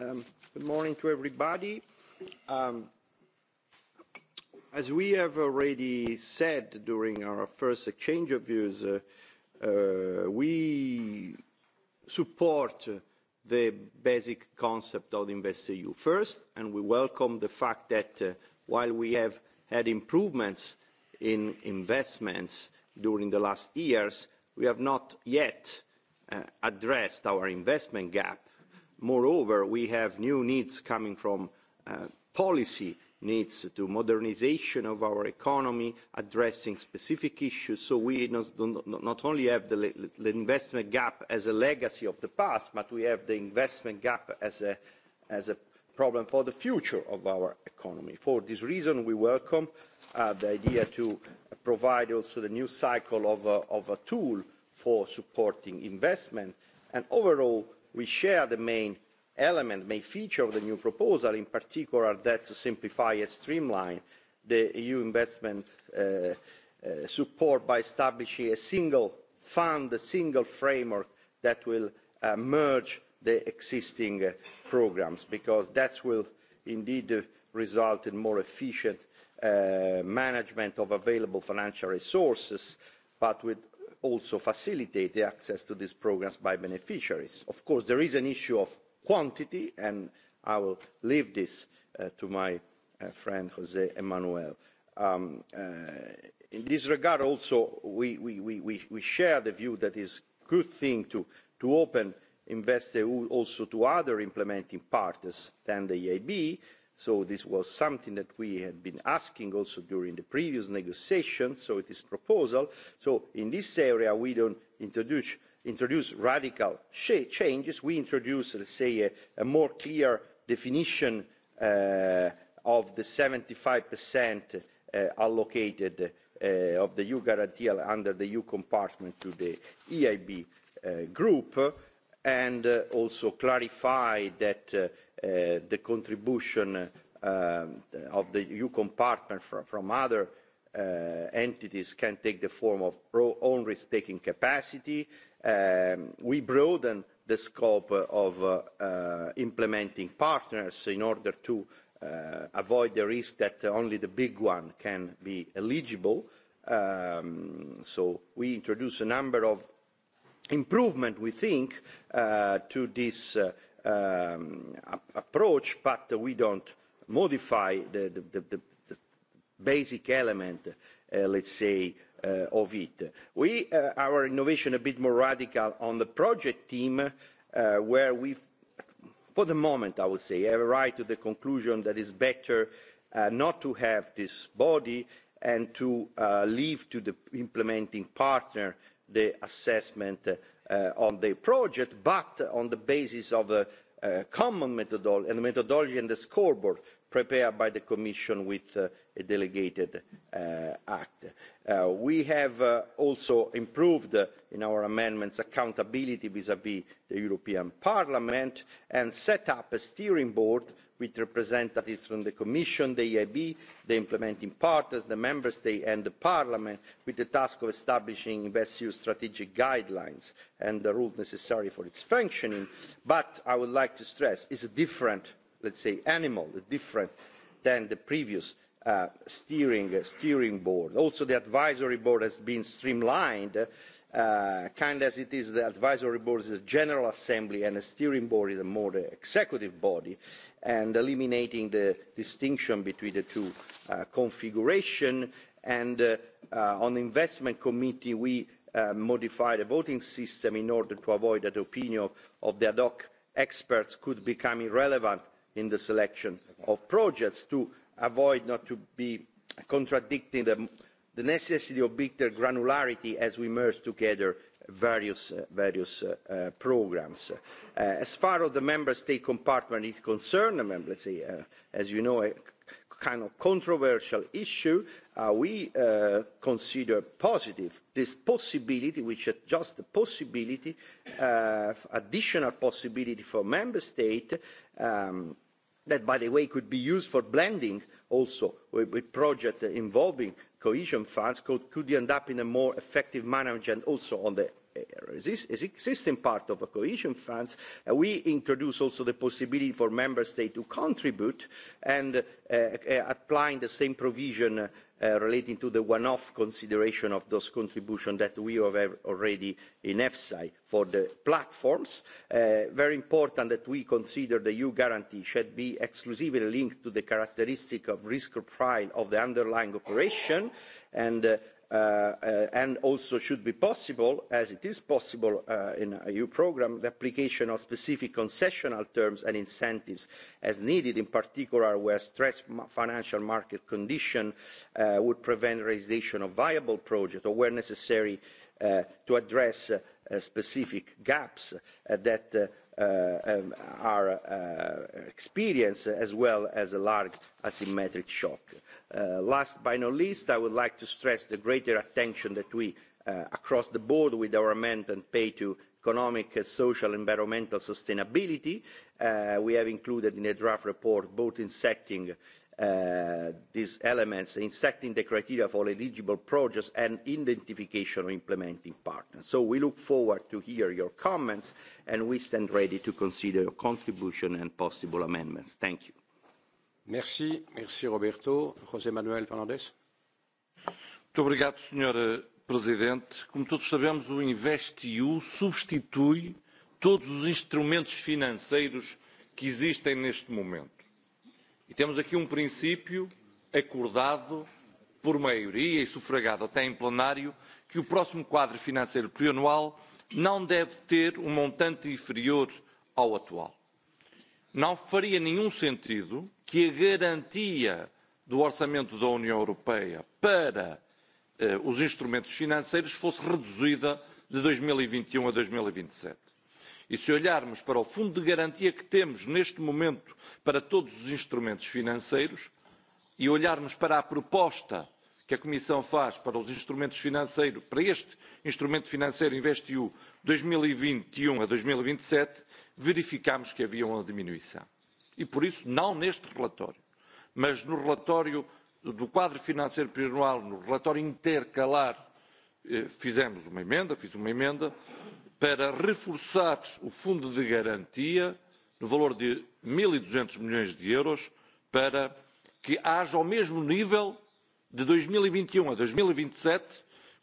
Um, good morning to everybody. Um, as we have already said during our first exchange of views, uh, uh we support the basic concept of InvestEU first, and we welcome the fact that uh, while we have had improvements in investments during the last years, we have not yet uh, addressed our investment gap moreover we have new needs coming from uh, policy needs to modernisation of our economy addressing specific issues so we not, only have the, investment gap as a legacy of the past but we have the investment gap as a, problem for the future of our economy. for this reason we welcome uh, the idea to provide also the new cycle of a tool for supporting investment and overall we share the main element main feature of the new proposal in particular that to simplify and streamline the eu investment uh, uh, support by establishing a single fund a single framework that will uh, merge the existing uh, programmes because that will indeed result in more efficient uh, management of available financial resources but with also facilitate the access to these programmes by beneficiaries. Of course, there is an issue of quantity, and I will leave this uh, to my uh, friend Jose Emmanuel. Um, uh, in this regard also, we, we, we, we share the view that it is a good thing to, to open InvestEU also to other implementing partners than the EIB, So this was something that we had been asking also during the previous negotiations, so it is proposal. So in this area, we don't introduce, introduce radical changes. We introduce, let's say, a, more clear definition uh, of the 75% uh, allocated uh, of the EU guarantee under the EU compartment to the EIB uh, group, and also clarify that Uh, the contribution uh, of the EU partner from, other uh, entities can take the form of own risk-taking capacity. Um, we broaden the scope of implementing partners in order to avoid the risk that only the big one can be eligible. Um, so we introduce a number of improvements, we think, to this Um, approach, but we don't modify the, basic element, uh, let's say, uh, of it. We uh, our innovation a bit more radical on the project team, where we, for the moment, I would say, have arrived to the conclusion that it's better not to have this body and to leave to the implementing partner the assessment Uh, on the project but on the basis of a, common methodology and methodology and the scoreboard prepared by the commission with uh, a delegated uh, act. we have also improved in our amendments accountability vis vis the european parliament and set up a steering board with representatives from the commission the eib the implementing partners the member state and the parliament with the task of establishing investeu strategic guidelines and the rules necessary for its functioning but i would like to stress is a different let's say animal different than the previous uh, steering uh, steering board also the advisory board has been streamlined uh, kind as it is the advisory board is a general assembly and a steering board is a more executive body and eliminating the distinction between the two configurations, uh, configuration and uh, on the investment committee we uh, modified the voting system in order to avoid that the opinion of, the ad hoc experts could become irrelevant in the selection of projects to avoid not to be contradicting the, the necessity of bigger granularity as we merge together various, uh, various uh, uh, programmes. As far as the member state compartment is concerned, um, let's say, as you know, a kind of controversial issue, Uh, we uh, consider positive this possibility which is just the possibility uh, additional possibility for member State um, that by the way could be used for blending also with projects involving cohesion funds could, could end up in a more effective management also on the is existing part of cohesion funds uh, we introduce also the possibility for member states to contribute and uh, uh, applying the same provision uh, Uh, relating to the one-off consideration of those contributions that we have already in EFSI for the platforms. Uh, very important that we consider the EU guarantee should be exclusively linked to the characteristic of risk profile of the underlying operation and uh, Uh, uh, and also should be possible as it is possible uh, in an eu programme the application of specific concessional terms and incentives as needed in particular where stressed financial market conditions would prevent realisation of viable projects or where necessary to address specific gaps that uh um, our uh, experience as well as a large asymmetric shock. Uh, last but not least, I would like to stress the greater attention that we uh, across the board with our amendment pay to economic, social and environmental sustainability. We have included in the draft report both in setting Uh, these elements in setting the criteria for eligible projects and identification of implementing partners. So we look forward to hear your comments and we stand ready to consider your contribution and possible amendments. Thank you. Merci, merci Roberto. José Manuel Fernandes. Muito obrigado, Sr. Eh, presidente. Como todos sabemos, o InvestEU substitui todos os instrumentos financeiros que existem neste momento E temos aqui um princípio acordado por maioria e sufragado até em plenário que o próximo quadro financeiro plurianual não deve ter um montante inferior ao atual. Não faria nenhum sentido que a garantia do orçamento da União Europeia para eh, os instrumentos financeiros fosse reduzida de 2021 e e um a 2027 e se olharmos para o fundo de garantia que temos neste momento para todos os instrumentos financeiros e olharmos para a proposta que a comissão faz para os instrumentos financeiros para este instrumento financeiro investeu dois mil e vinte e um a dois mil e e verificamos que havia uma diminuição e por isso não neste relatório mas no relatório do quadro financeiro plurianual no relatório intercalar eh, fizemos uma emenda fiz uma emenda para reforçar o fundo de garantia no valor de 1.200 e milhões de euros para que haja ao mesmo nível de 2021 e e um a 2027,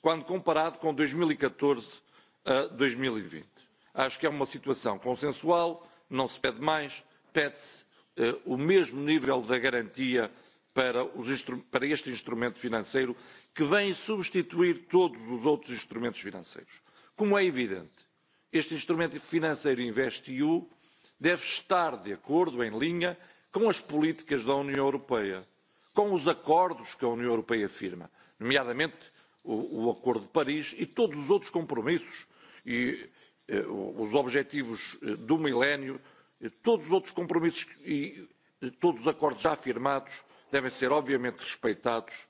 quando comparado com 2014 a 2020. Acho que é uma situação consensual, não se pede mais, pede-se eh, o mesmo nível de garantia para, os, para este instrumento financeiro, que vem substituir todos os outros instrumentos financeiros. Como é evidente, Este instrumento financeiro InvestEU deve estar de acordo, em linha, com as políticas da União Europeia, com os acordos que a União Europeia firma, nomeadamente o, Acordo de Paris e todos os outros compromissos e eh, os objetivos eh, do milénio, eh, todos os outros compromissos e todos os acordos já firmados devem ser obviamente respeitados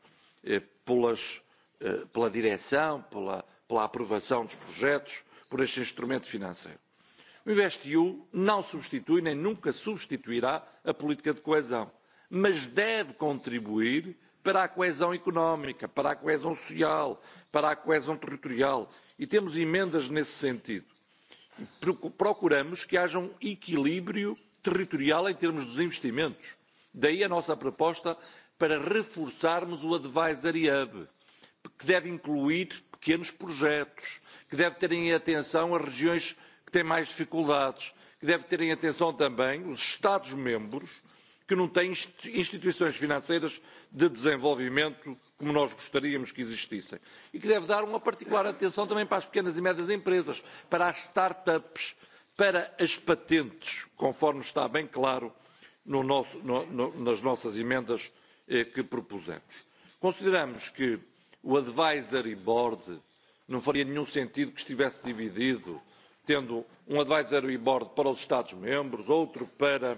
pela direção, pela aprovação dos projetos por este instrumento financeiro. O InvestEU não substitui nem nunca substituirá a política de coesão, mas deve contribuir para a coesão económica, para a coesão social, para a coesão territorial e temos emendas nesse sentido. Procuramos que haja um equilíbrio territorial em termos dos investimentos. Daí a nossa proposta para reforçarmos o Advisory Hub, que deve incluir pequenos projetos, que deve terem atenção as regiões que têm mais dificuldades, que deve em atenção também os Estados-membros que não têm instituições financeiras de desenvolvimento como nós gostaríamos que existissem. E que deve dar uma particular atenção também para as pequenas e médias empresas, para as startups, para as patentes, conforme está bem claro no nosso, no, no, nas nossas emendas eh, que propusemos. Consideramos que o advisory board não faria nenhum sentido que estivesse dividido, tendo um advisory board para os Estados-membros, outro para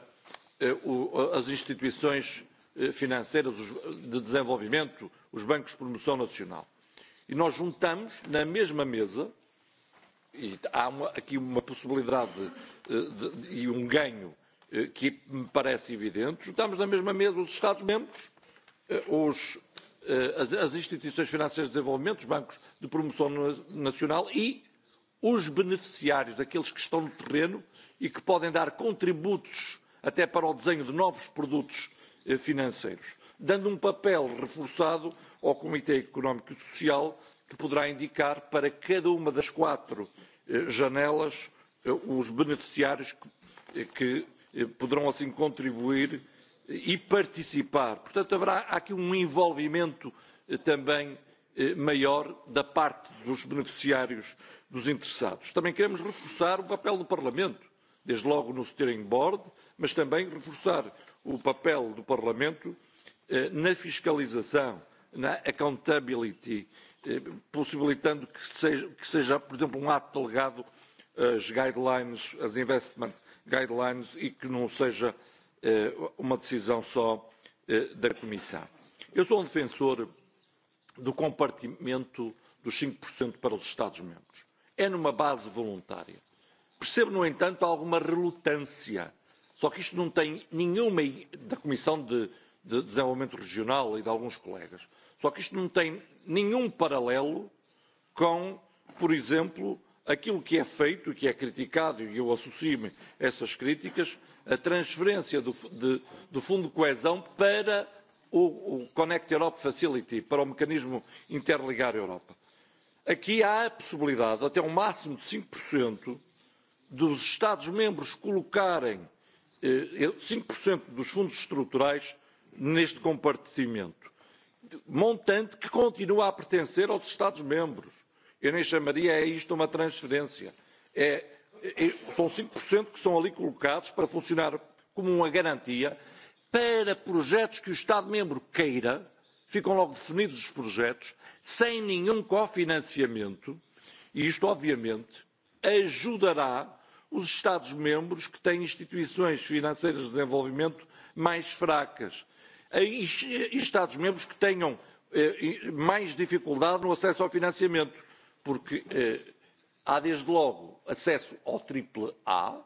eh, as instituições eh, financeiras de desenvolvimento, os bancos de promoção nacional. E nós juntamos na mesma mesa, e há aqui uma possibilidade eh, e um ganho que me parece evidente, juntamos na mesma mesa os Estados-membros, os Eh, as instituições financeiras de desenvolvimento, os bancos de promoção nacional e os beneficiários, aqueles que estão no terreno e que podem dar contributos até para o desenho de novos produtos eh, financeiros, dando um papel reforçado ao Comitê Económico e Social, que poderá indicar para cada uma das quatro eh, janelas os beneficiários que poderão assim contribuir e participar. Portanto, haverá aqui um envolvimento eh, também eh, maior da parte dos beneficiários dos interessados. Também queremos reforçar o papel do Parlamento, desde logo no steering board, mas também reforçar o papel do Parlamento eh, na fiscalização, na accountability, possibilitando que seja, que seja por exemplo, um ato delegado as guidelines, as investment guidelines e que não seja E, uma decisão só e, da Comissão. Eu sou um defensor do compartimento dos 5% para os Estados-membros. É numa base voluntária. Percebo, no entanto, alguma relutância. Só que isto não tem nenhuma da Comissão de, de Desenvolvimento Regional e de alguns colegas. Só que isto não tem nenhum paralelo com, por exemplo, aquilo que é feito, e que é criticado, e eu associo-me a essas críticas, a transferência do, de, do Fundo de Coesão para o, Connect Europe Facility, para o mecanismo Interligar Europa. Aqui há a possibilidade, até um máximo de 5%, dos Estados-membros colocarem 5% eh, dos fundos estruturais neste compartimento. Montante que continua a pertencer aos Estados-membros. Eu nem chamaria a isto uma transferência. É E, são 5% que são ali colocados para funcionar como uma garantia para projetos que o Estado membro queira, ficam logo definidos os projetos, sem nenhum cofinanciamento, e isto, obviamente, ajudará os Estados membros que têm instituições financeiras de desenvolvimento mais fracas, e, e Estados membros que tenham eh, e, mais dificuldade no acesso ao financiamento, porque eh, há desde logo acesso ao triple A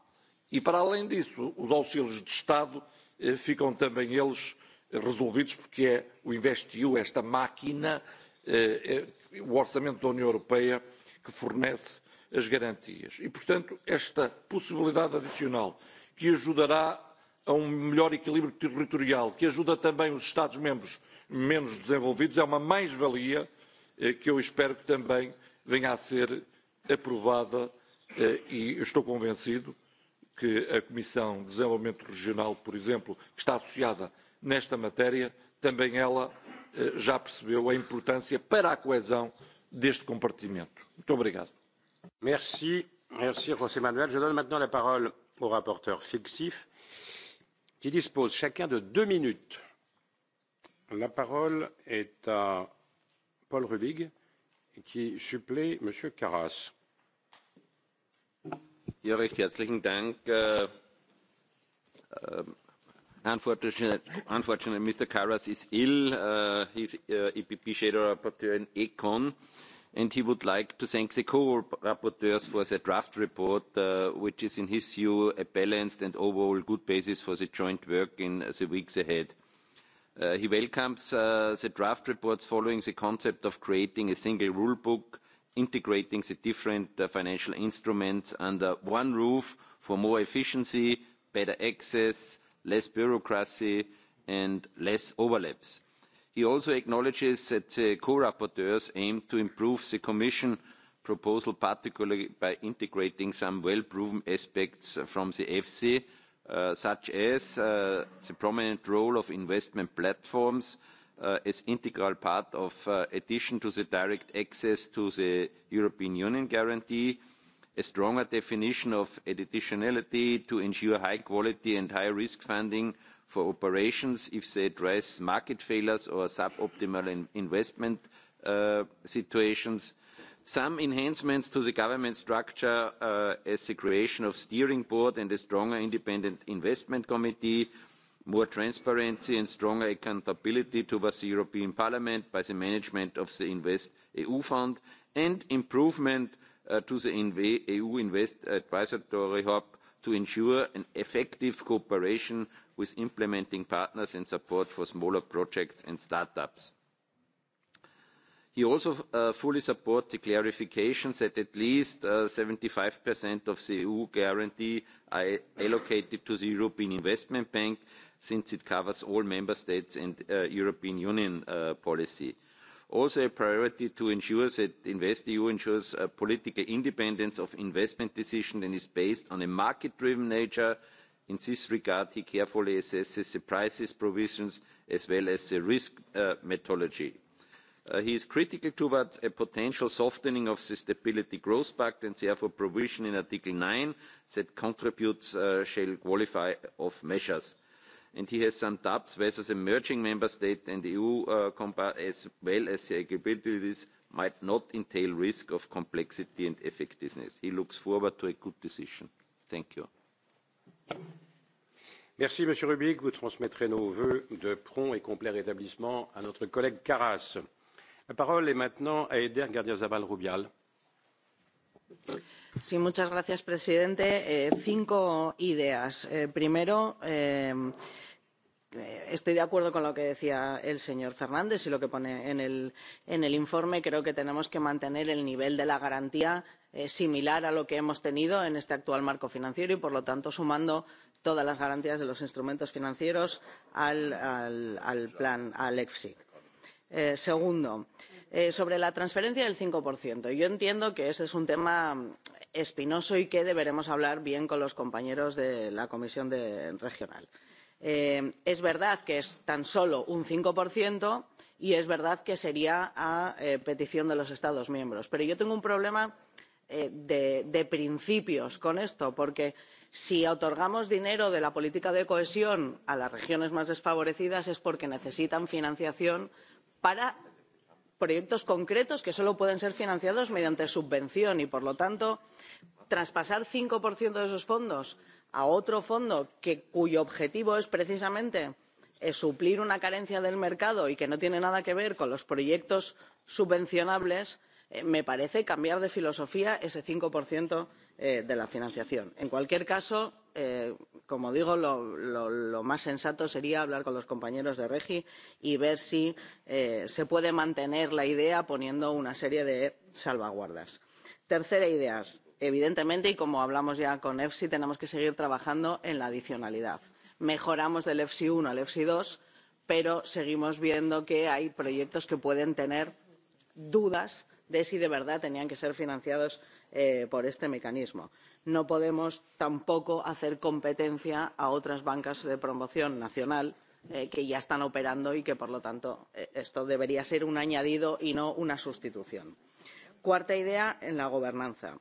e, para além disso, os auxílios de Estado eh, ficam também eles resolvidos, porque é o Investiu, esta máquina, eh, eh, o orçamento da União Europeia, que fornece as garantias. E, portanto, esta possibilidade adicional que ajudará a um melhor equilíbrio territorial, que ajuda também os Estados-membros menos desenvolvidos, é uma mais-valia que eu espero que também venha a ser aprovada e estou convencido que a Comissão de Desenvolvimento Regional, por exemplo, que está associada nesta matéria, também ela já percebeu a importância para a coesão deste compartimento. Muito obrigado. Merci, merci José Manuel. Je donne maintenant la parole au rapporteur fictif qui dispose chacun de deux minutes. La parole est à Paul Rubig qui supplée M. Carras. Ja, recht herzlichen Dank. Uh, unfortunately, Mr. Karas is ill. Uh, he's uh, äh, EPP Shadow Rapporteur in ECON, and he would like to thank the co-rapporteurs for the draft report, uh, which is, in his view, a balanced and overall good basis for the joint work in the weeks ahead. Uh, he welcomes uh, the draft reports following the concept of creating a single rule book – integrating the different uh, financial instruments under one roof for more efficiency, better access, less bureaucracy and less overlaps. He also acknowledges that the co-rapporteurs aim to improve the Commission proposal, particularly by integrating some well-proven aspects from the EFSI, uh, such as uh, the prominent role of investment platforms as uh, an integral part of uh, addition to the direct access to the European Union guarantee, a stronger definition of additionality to ensure high quality and high risk funding for operations if they address market failures or suboptimal investment uh, situations. Some enhancements to the government structure as the creation of steering board and a stronger independent investment committee more transparency and stronger accountability towards the European Parliament by the management of the InvestEU EU Fund and improvement uh, to the EU e Invest Advisory Hub to ensure an effective cooperation with implementing partners and support for smaller projects and startups. He also uh, fully supports the clarification that at least uh, seventy 75% of the EU guarantee are allocated to the European Investment Bank since it covers all member states and uh, European Union uh, policy. Also a priority to ensure that InvestEU ensures uh, political independence of investment decision and is based on a market-driven nature. In this regard, he carefully assesses the prices, provisions, as well as the risk methodology. he is critical towards a potential softening of the stability growth pact and therefore provision in article nine that contributes shall qualify of measures and he has summed up as the emerging member state and eu uh, as well as the capabilities might not entail risk of complexity and effectiveness. he looks forward to a good decision. thank you. Merci, Monsieur Rubik. Vous transmettrez nos vœux de prompt et complet rétablissement à notre collègue Carras. La parole est maintenant à Eder Gardiazabal Rubial. Señor presidente. Eh, cinco ideas. Eh, primero, eh, estoy de acuerdo con lo que decía el señor Fernández y lo que pone en el, informe. Creo que tenemos que mantener el nivel de la garantía similar a lo que hemos tenido en este actual marco financiero y, por lo tanto, sumando todas las garantías de los instrumentos financieros al, plan, al EFSI. segundo, sobre la transferencia del 5%. Yo entiendo que ese es un tema espinoso y que deberemos hablar bien con los compañeros de la Comisión de, Regional. Eh, es verdad que es tan solo un 5% y es verdad que sería a eh, petición de los Estados miembros. Pero yo tengo un problema eh, de, de principios con esto, porque si otorgamos dinero de la política de cohesión a las regiones más desfavorecidas es porque necesitan financiación para proyectos concretos que solo pueden ser financiados mediante subvención y por lo tanto traspasar cinco de esos fondos a otro fondo cuyo objetivo es precisamente eh, suplir una carencia del mercado y que no tiene nada que ver con los proyectos subvencionables eh, me parece cambiar de filosofía ese cinco Eh, de la financiación. en cualquier caso eh, como digo lo, más sensato sería hablar con los compañeros de regi y ver si eh, se puede mantener la idea poniendo una serie de salvaguardas. tercera idea evidentemente y como hablamos ya con efsi tenemos que seguir trabajando en la adicionalidad. mejoramos del efsi uno al feie dos pero seguimos viendo que hay proyectos que pueden tener dudas de si de verdad tenían que ser financiados eh, por este mecanismo. No podemos tampoco hacer competencia a otras bancas de promoción nacional eh, que ya están operando y que, por lo tanto, eh, esto debería ser un añadido y no una sustitución. Cuarta idea en la gobernanza.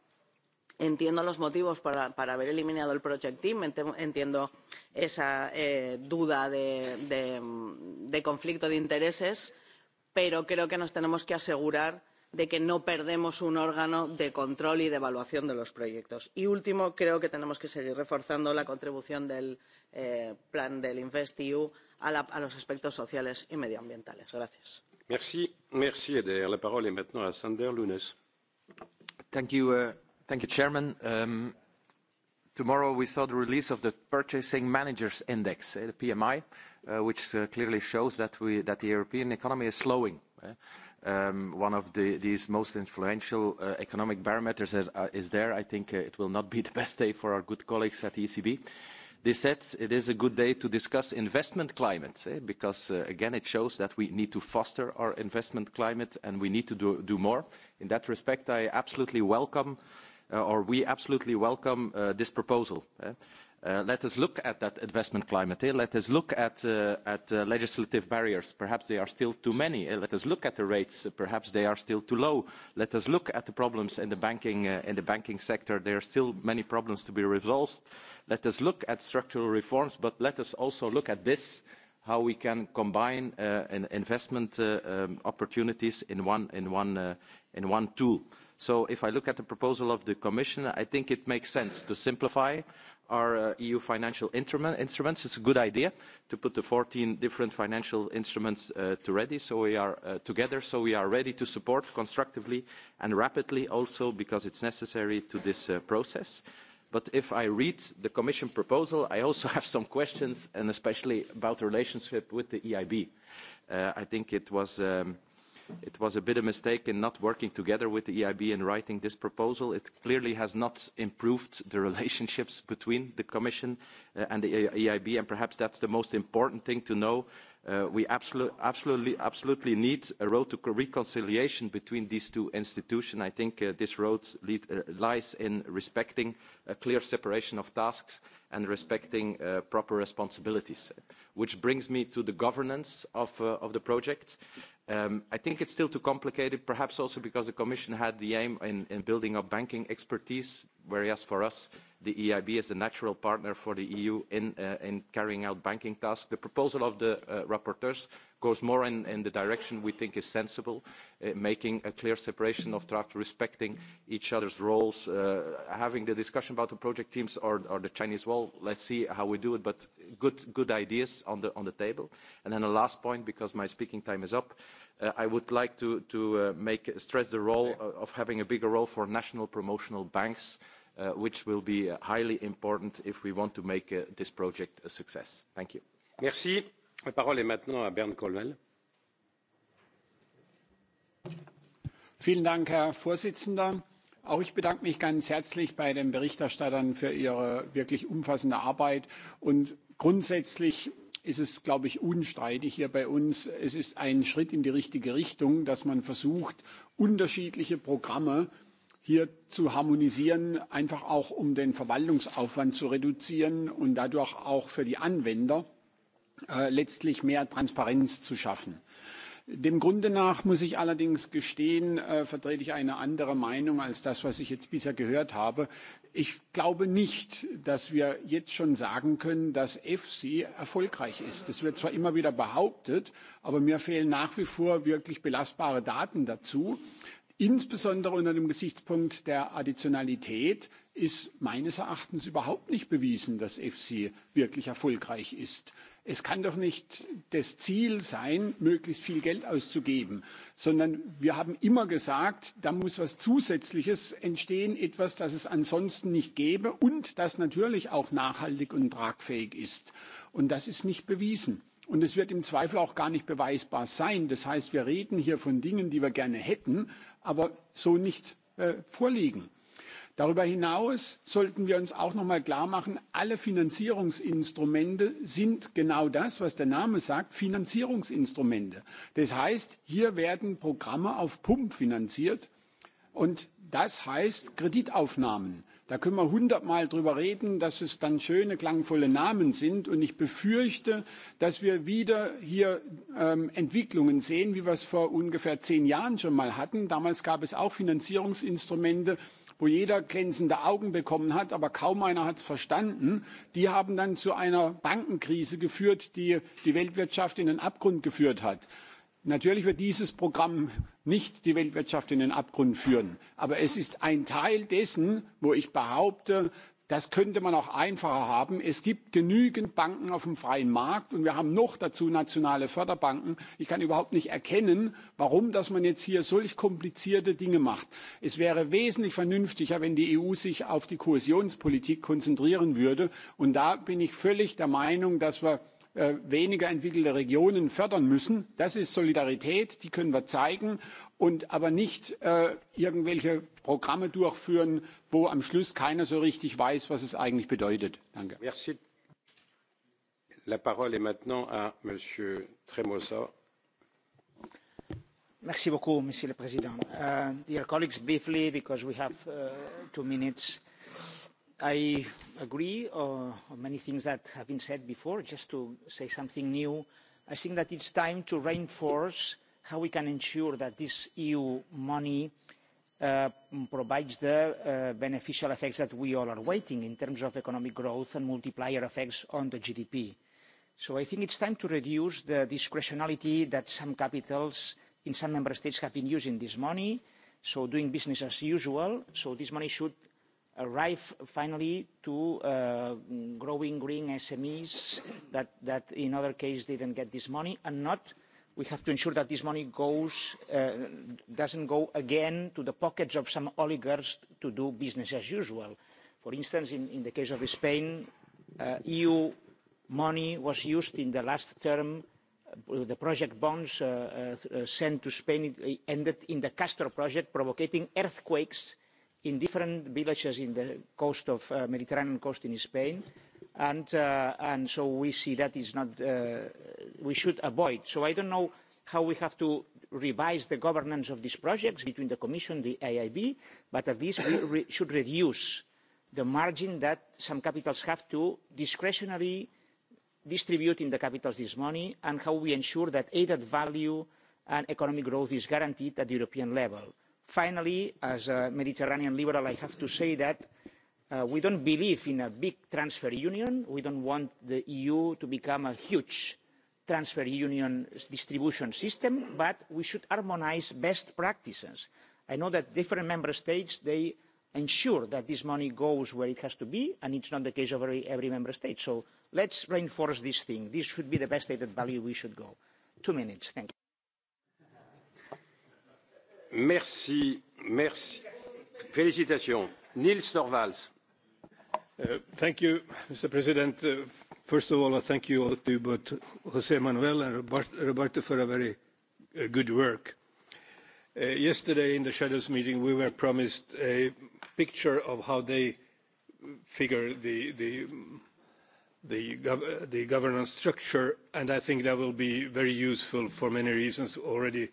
Entiendo los motivos para, para haber eliminado el Project Team, entiendo esa eh, duda de, de, de conflicto de intereses, pero creo que nos tenemos que asegurar de que no perdemos un órgano de control y de evaluación de los proyectos. y último creo que tenemos que seguir reforzando la contribución del eh, plan del investeu a, a los aspectos sociales y medioambientales. gracias. Merci. Merci, Eder. La parole est maintenant à Sander Lunes. Thank you, uh, thank you Chairman. Um, tomorrow we saw the release of the Purchasing Managers Index, eh, the PMI, uh, which uh, clearly shows that, we, that the European economy is slowing. Eh um, one of the, these most influential uh, economic barometers that, is there. I think uh, it will not be the best day for our good colleagues at the ECB. This said, it is a good day to discuss investment climate, eh, because uh, again, it shows that we need to foster our investment climate and we need to do, more. In that respect, I absolutely welcome, or we absolutely welcome this proposal. Eh. Uh, let us look at that investment climate. Eh? Let us look at, uh, at uh, legislative barriers. Perhaps they are still too many. Eh? Let us look at the rates. Perhaps they are still too low. Let us look at the problems in the banking, in the banking sector. There are still many problems to be resolved. Let us look at structural reforms, but let us also look at this, how we can combine investment um, opportunities in one, in, one, in one tool. So if I look at the proposal of the Commission, I think it makes sense to simplify our uh, EU financial instruments. It's a good idea to put the 14 different financial instruments uh, to ready. So we are uh, together, so we are ready to support constructively and rapidly also because it's necessary to this process. But if I read the Commission proposal, I also have some questions, and especially about the relationship with the EIB. I think it was... Um, It was a bit of a mistake in not working together with the EIB in writing this proposal. It clearly has not improved the relationships between the Commission uh, and the EIB, and perhaps that's the most important thing to know Uh, we absolutely, absolutely need a road to reconciliation between these two institutions. I think uh, this road lead, uh, lies in respecting a clear separation of tasks and respecting uh, proper responsibilities, which brings me to the governance of, of the project. Um, I think it's still too complicated, perhaps also because the Commission had the aim in, in building up banking expertise, whereas for us, the EIB is a natural partner for the EU in, uh, in carrying out banking tasks. The proposal of the uh, rapporteurs goes more in, in the direction we think is sensible, uh, making a clear separation of tasks respecting each other's roles, uh, having the discussion about the project teams or, the Chinese wall. Let's see how we do it, but good, good ideas on the, on the table. And then a last point, because my speaking time is up, I would like to, to make, stress the role of having a bigger role for national promotional banks Uh, which will be uh, highly important if we want to make uh, this project a success. Thank you. Merci. La parole est maintenant à Bernd Colwell. Vielen Dank, Herr Vorsitzender. Auch ich bedanke mich ganz herzlich bei den Berichterstattern für ihre wirklich umfassende Arbeit. Und grundsätzlich ist es, glaube ich, unstreitig hier bei uns. Es ist ein Schritt in die richtige Richtung, dass man versucht, unterschiedliche Programme hier zu harmonisieren, einfach auch um den Verwaltungsaufwand zu reduzieren und dadurch auch für die Anwender äh, letztlich mehr Transparenz zu schaffen. Dem Grunde nach muss ich allerdings gestehen, äh, vertrete ich eine andere Meinung als das, was ich jetzt bisher gehört habe. Ich glaube nicht, dass wir jetzt schon sagen können, dass EFSI erfolgreich ist. Das wird zwar immer wieder behauptet, aber mir fehlen nach wie vor wirklich belastbare Daten dazu Insbesondere unter dem Gesichtspunkt der Additionalität ist meines Erachtens überhaupt nicht bewiesen, dass EFSI wirklich erfolgreich ist. Es kann doch nicht das Ziel sein, möglichst viel Geld auszugeben, sondern wir haben immer gesagt, da muss was Zusätzliches entstehen, etwas, das es ansonsten nicht gäbe und das natürlich auch nachhaltig und tragfähig ist. Und das ist nicht bewiesen. Und es wird im Zweifel auch gar nicht beweisbar sein. Das heißt, wir reden hier von Dingen, die wir gerne hätten, aber so nicht äh, vorliegen. Darüber hinaus sollten wir uns auch noch mal klar machen, alle Finanzierungsinstrumente sind genau das, was der Name sagt, Finanzierungsinstrumente. Das heißt, hier werden Programme auf Pump finanziert und das heißt Kreditaufnahmen. Da können wir hundertmal drüber reden, dass es dann schöne, klangvolle Namen sind. Und ich befürchte, dass wir wieder hier ähm, Entwicklungen sehen, wie wir es vor ungefähr zehn Jahren schon mal hatten. Damals gab es auch Finanzierungsinstrumente, wo jeder glänzende Augen bekommen hat, aber kaum einer hat es verstanden. Die haben dann zu einer Bankenkrise geführt, die die Weltwirtschaft in den Abgrund geführt hat natürlich wird dieses programm nicht die weltwirtschaft in den abgrund führen aber es ist ein teil dessen wo ich behaupte das könnte man auch einfacher haben es gibt genügend banken auf dem freien markt und wir haben noch dazu nationale förderbanken. ich kann überhaupt nicht erkennen warum man jetzt hier solch komplizierte dinge macht. es wäre wesentlich vernünftiger wenn die eu sich auf die kohäsionspolitik konzentrieren würde und da bin ich völlig der meinung dass wir Äh, weniger entwickelte regionen fördern müssen das ist solidarität die können wir zeigen und aber nicht äh, irgendwelche programme durchführen wo am schluss keiner so richtig weiß was es eigentlich bedeutet. danke. la parole est maintenant à monsieur tremosa. merci beaucoup monsieur le président. Uh, dear colleagues briefly because we have uh, two minutes i agree uh, on many things that have been said before. Just to say something new, I think that it's time to reinforce how we can ensure that this EU money uh, provides the uh, beneficial effects that we all are waiting in terms of economic growth and multiplier effects on the GDP. So I think it's time to reduce the discretionality that some capitals in some member states have been using this money, so doing business as usual. So this money should arrive finally to uh, growing green SMEs that, that in other case didn't get this money and not we have to ensure that this money goes, uh, doesn't go again to the pockets of some oligarchs to do business as usual. For instance, in, in the case of Spain, uh, EU money was used in the last term, the project bonds sent to Spain ended in the Castor project, provoking earthquakes in different villages in the coast of uh, Mediterranean coast in Spain, and uh, and so we see that is not uh, we should avoid. So I don't know how we have to revise the governance of these projects between the Commission and the AIB, but at least we should reduce the margin that some capitals have to discretionary distribute in the capitals this money and how we ensure that added value and economic growth is guaranteed at the European level Finally, as a Mediterranean liberal, I have to say that uh, we don't believe in a big transfer union. We don't want the EU to become a huge transfer union distribution system, but we should harmonise best practices. I know that different member states, they ensure that this money goes where it has to be, and it's not the case of every, every member state. So let's reinforce this thing. This should be the best added value we should go. Two minutes. Thank you. Mr. Uh, President. Uh, first of all, I thank you all to both Jose Manuel and Roberto for a very uh, good work. yesterday in the shadows meeting, we were promised a picture of how they figure the, the, the governance structure, and I think that will be very useful for many reasons already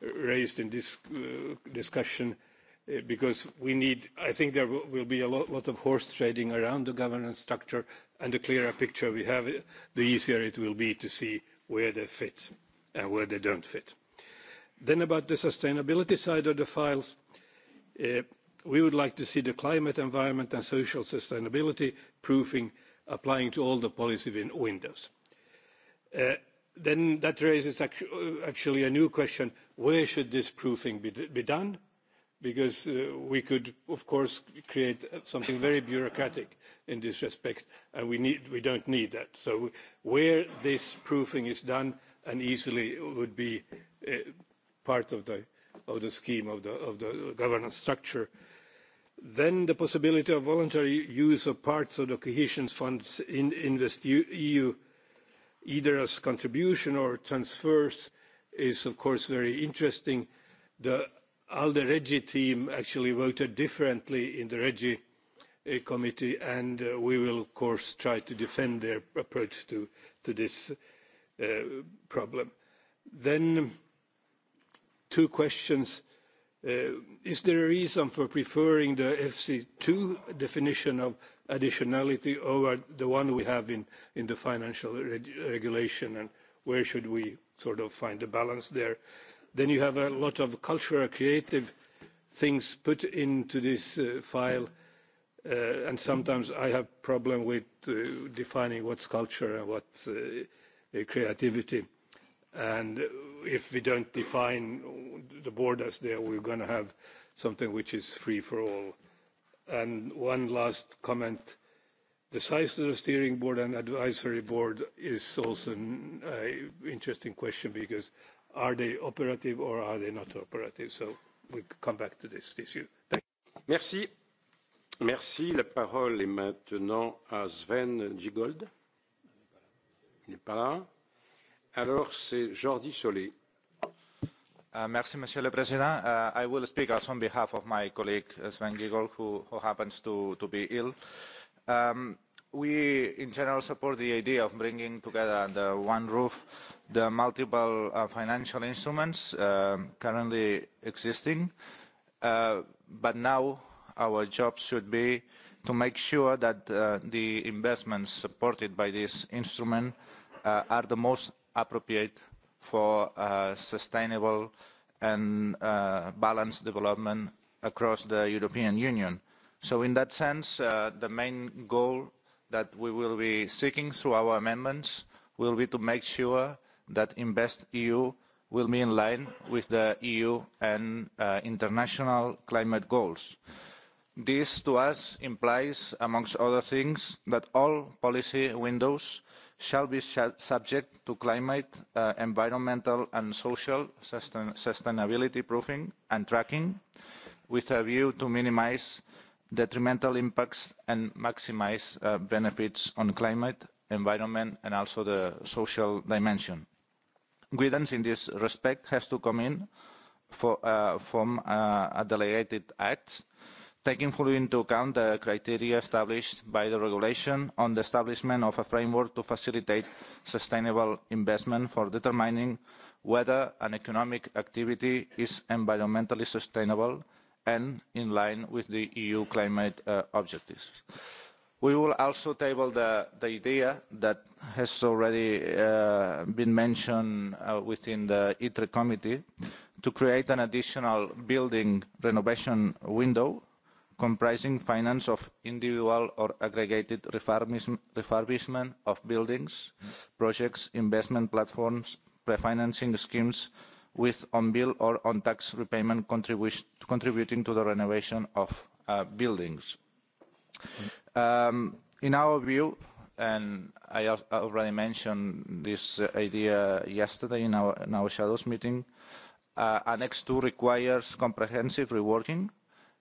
raised in this uh, discussion uh, because we need i think there will be a lot, of horse trading around the governance structure and the clearer picture we have the easier it will be to see where they fit and where they don't fit. then about the sustainability side of the files uh, we would like to see the climate environment and social sustainability proofing applying to all the policy windows then that raises actually a new question where should this proofing be, be done because uh, we could of course create something very bureaucratic in this respect and we need we don't need that so where this proofing is done and easily would be uh, part of the of the scheme of the of the governance structure then the possibility of voluntary use of parts of the cohesion funds in invest eu e either as contribution or transfers is of course very interesting. The ALDE Regi team actually voted differently in the Regi uh, committee and uh, we will of course try to defend their approach to, to this uh, problem. Then two questions Uh, is there a reason for preferring the fc two definition of additionality over the one we have in, the financial regulation, and where should we sort of find the balance there? Then you have a lot of cultural, creative things put into this uh, file, uh, and sometimes I have problem with uh, defining what's culture and what's creativity and if we don't define the board as there, we're going to have something which is free for all. And one last comment. The size of the steering board and advisory board is also an interesting question because are they operative or are they not operative? So we come back to this issue. Thank you. Merci. Merci. La parole est maintenant à Sven Giegold. Il n'est pas Alors, uh, Monsieur le président. Uh, I will speak on behalf of my colleague uh, Sven Giegold, who, happens to, be ill. Um, we, in general, support the idea of bringing together under one roof the multiple financial instruments currently existing. But now our job should be to make sure that the investments supported by this instrument are the most appropriate for uh, sustainable and uh, balanced development across the European Union. So in that sense, uh, the main goal that we will be seeking through our amendments will be to make sure that Invest EU will be in line with the EU and uh, international climate goals. This to us implies, amongst other things, that all policy windows shall be subject to climate, uh, environmental and social sustainability proofing and tracking with a view to minimize detrimental impacts and maximize uh, benefits on climate, environment and also the social dimension. Guidance in this respect has to come in for, uh, from a delegated act taking fully into account the criteria established by the regulation on the establishment of a framework to facilitate sustainable investment for determining whether an economic activity is environmentally sustainable and in line with the EU climate uh, objectives. We will also table the, the idea that has already uh, been mentioned uh, within the ITRE committee to create an additional building renovation window comprising finance of individual or aggregated refurbishment of buildings, projects, investment platforms, pre-financing schemes with on-bill or on-tax repayment contributing to the renovation of uh, buildings. Um, in our view, and I already mentioned this idea yesterday in our, shadows meeting, uh, Annex 2 requires comprehensive reworking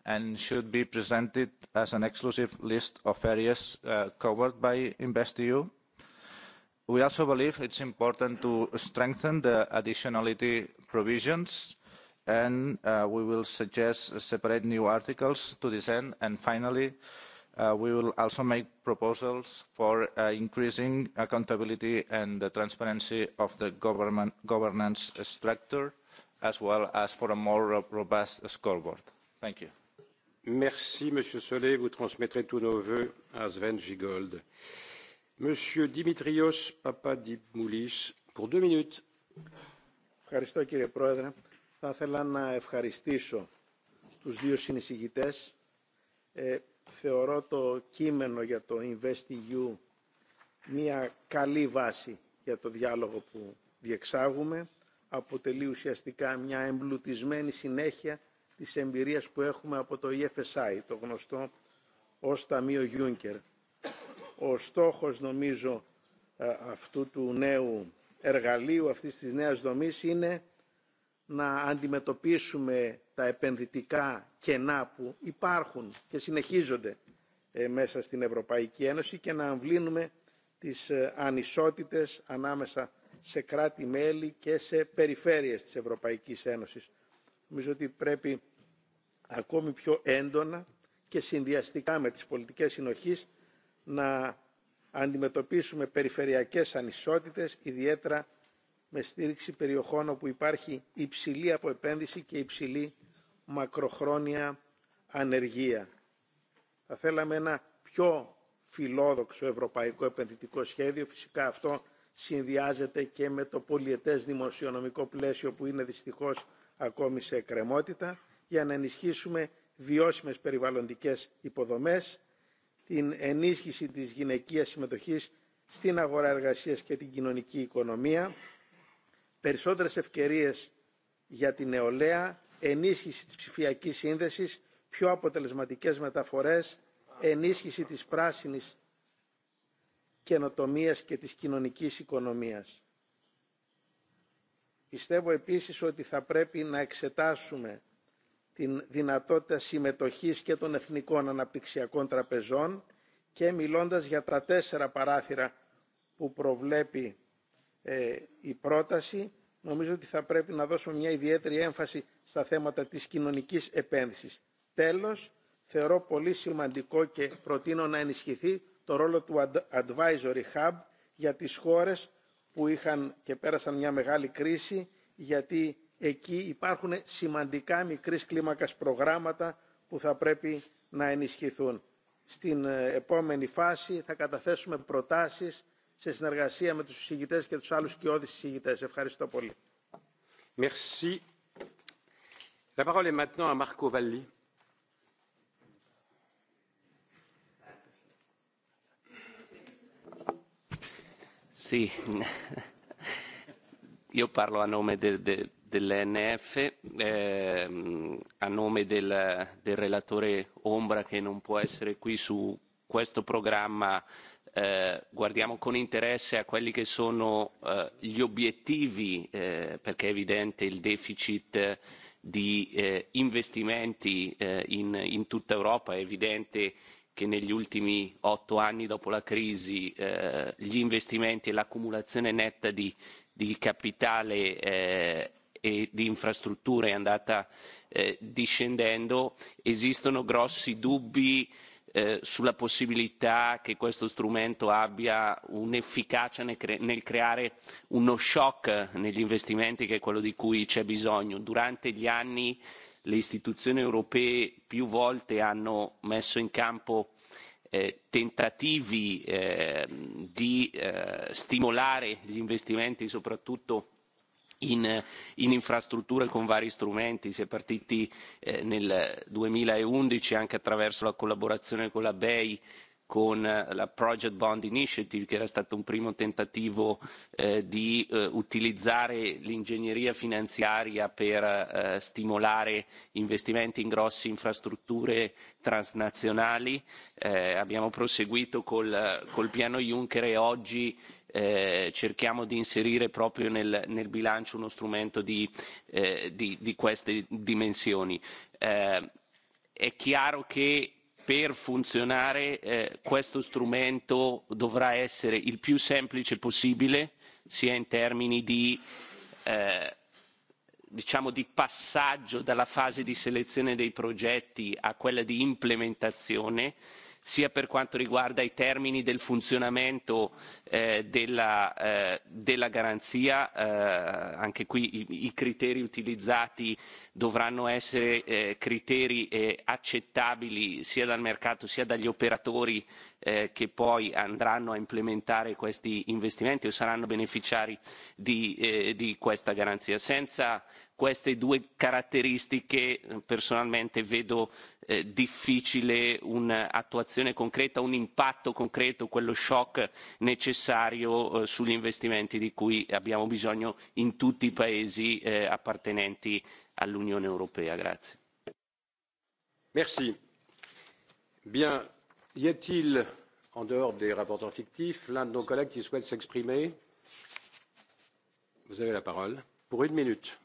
and should be presented as an exclusive list of areas uh, covered by InvestEU. We also believe it's important to strengthen the additionality provisions and uh, we will suggest separate new articles to this end. And finally, uh, we will also make proposals for increasing accountability and the transparency of the governance structure, as well as for a more robust scoreboard. Thank you. Solé. Vous transmettrez tous nos vœux à Sven Giegold. Ευχαριστώ κύριε Πρόεδρε. Θα ήθελα να ευχαριστήσω τους δύο συνεισηγητές. Ε, θεωρώ το κείμενο για το InvestEU μια καλή βάση για το διάλογο που διεξάγουμε. Αποτελεί ουσιαστικά μια εμπλουτισμένη συνέχεια της εμπειρίας που έχουμε από το EFSI, το γνωστό ως Ταμείο Γιούνκερ. Ο στόχος νομίζω αυτού του νέου εργαλείου, αυτής της νέας δομής είναι να αντιμετωπίσουμε τα επενδυτικά κενά που υπάρχουν και συνεχίζονται μέσα στην Ευρωπαϊκή Ένωση και να αμβλύνουμε τις ανισότητες ανάμεσα σε κράτη-μέλη και σε περιφέρειες της Ευρωπαϊκής Ένωσης. Νομίζω ότι πρέπει ακόμη πιο έντονα και συνδυαστικά με τις πολιτικές συνοχής να αντιμετωπίσουμε περιφερειακές ανισότητες, ιδιαίτερα με στήριξη περιοχών όπου υπάρχει υψηλή αποεπένδυση και υψηλή μακροχρόνια ανεργία. Θα θέλαμε ένα πιο φιλόδοξο ευρωπαϊκό επενδυτικό σχέδιο. Φυσικά αυτό συνδυάζεται και με το πολιετές δημοσιονομικό πλαίσιο που είναι δυστυχώς ακόμη σε εκκρεμότητα για να ενισχύσουμε βιώσιμες περιβαλλοντικές υποδομές, την ενίσχυση της γυναικείας συμμετοχής στην αγορά εργασίας και την κοινωνική οικονομία, περισσότερες ευκαιρίες για την νεολαία, ενίσχυση της ψηφιακής σύνδεσης, πιο αποτελεσματικές μεταφορές, ενίσχυση της πράσινης καινοτομίας και της κοινωνικής οικονομίας πιστεύω επίσης ότι θα πρέπει να εξετάσουμε την δυνατότητα συμμετοχής και των εθνικών αναπτυξιακών τραπεζών και μιλώντας για τα τέσσερα παράθυρα που προβλέπει ε, η πρόταση νομίζω ότι θα πρέπει να δώσουμε μια ιδιαίτερη έμφαση στα θέματα της κοινωνικής επένδυσης. Τέλος, θεωρώ πολύ σημαντικό και προτείνω να ενισχυθεί το ρόλο του Advisory Hub για τις χώρες που είχαν και πέρασαν μια μεγάλη κρίση γιατί εκεί υπάρχουν σημαντικά μικρής κλίμακας προγράμματα που θα πρέπει να ενισχυθούν. Στην επόμενη φάση θα καταθέσουμε προτάσεις σε συνεργασία με τους συζητητές και τους άλλους κοιόδης συζητητές. Ευχαριστώ πολύ. Merci. La parole est maintenant à Marco Valli. Sì, io parlo a nome de, dell'ENF, ehm, a nome del, del relatore Ombra che non può essere qui su questo programma. Eh, guardiamo con interesse a quelli che sono eh, gli obiettivi, eh, perché è evidente il deficit di investimenti in, in tutta Europa, è evidente che negli ultimi otto anni dopo la crisi eh, gli investimenti e l'accumulazione netta di, di capitale eh, e di infrastrutture è andata eh, discendendo, esistono grossi dubbi sulla possibilità che questo strumento abbia un'efficacia nel, nel creare uno shock negli investimenti che è quello di cui c'è bisogno. Durante gli anni le istituzioni europee più volte hanno messo in campo eh, tentativi ehm, eh, di stimolare gli investimenti soprattutto in, in infrastrutture con vari strumenti. Si è partiti eh, nel 2011 anche attraverso la collaborazione con la BEI con eh, la Project Bond Initiative che era stato un primo tentativo eh, di eh, utilizzare l'ingegneria finanziaria per eh, stimolare investimenti in grosse infrastrutture transnazionali eh, abbiamo proseguito col col piano Juncker e oggi eh, cerchiamo di inserire proprio nel, nel bilancio uno strumento di, di, di queste dimensioni. è chiaro che per funzionare eh, questo strumento dovrà essere il più semplice possibile sia in termini di eh, diciamo di passaggio dalla fase di selezione dei progetti a quella di implementazione sia per quanto riguarda i termini del funzionamento eh, della, eh, della garanzia eh, anche qui i, i criteri utilizzati dovranno essere criteri accettabili sia dal mercato sia dagli operatori che poi andranno a implementare questi investimenti o saranno beneficiari di, di questa garanzia. Senza queste due caratteristiche personalmente vedo Eh, difficile un'attuazione concreta, un impatto concreto, quello shock necessario eh, sugli investimenti di cui abbiamo bisogno in tutti i paesi eh, appartenenti all'Unione Europea. Grazie. Merci. Bien, y a-t-il en dehors des rapporteurs fictifs l'un de nos collègues qui souhaite s'exprimer Vous avez la parole pour une minute.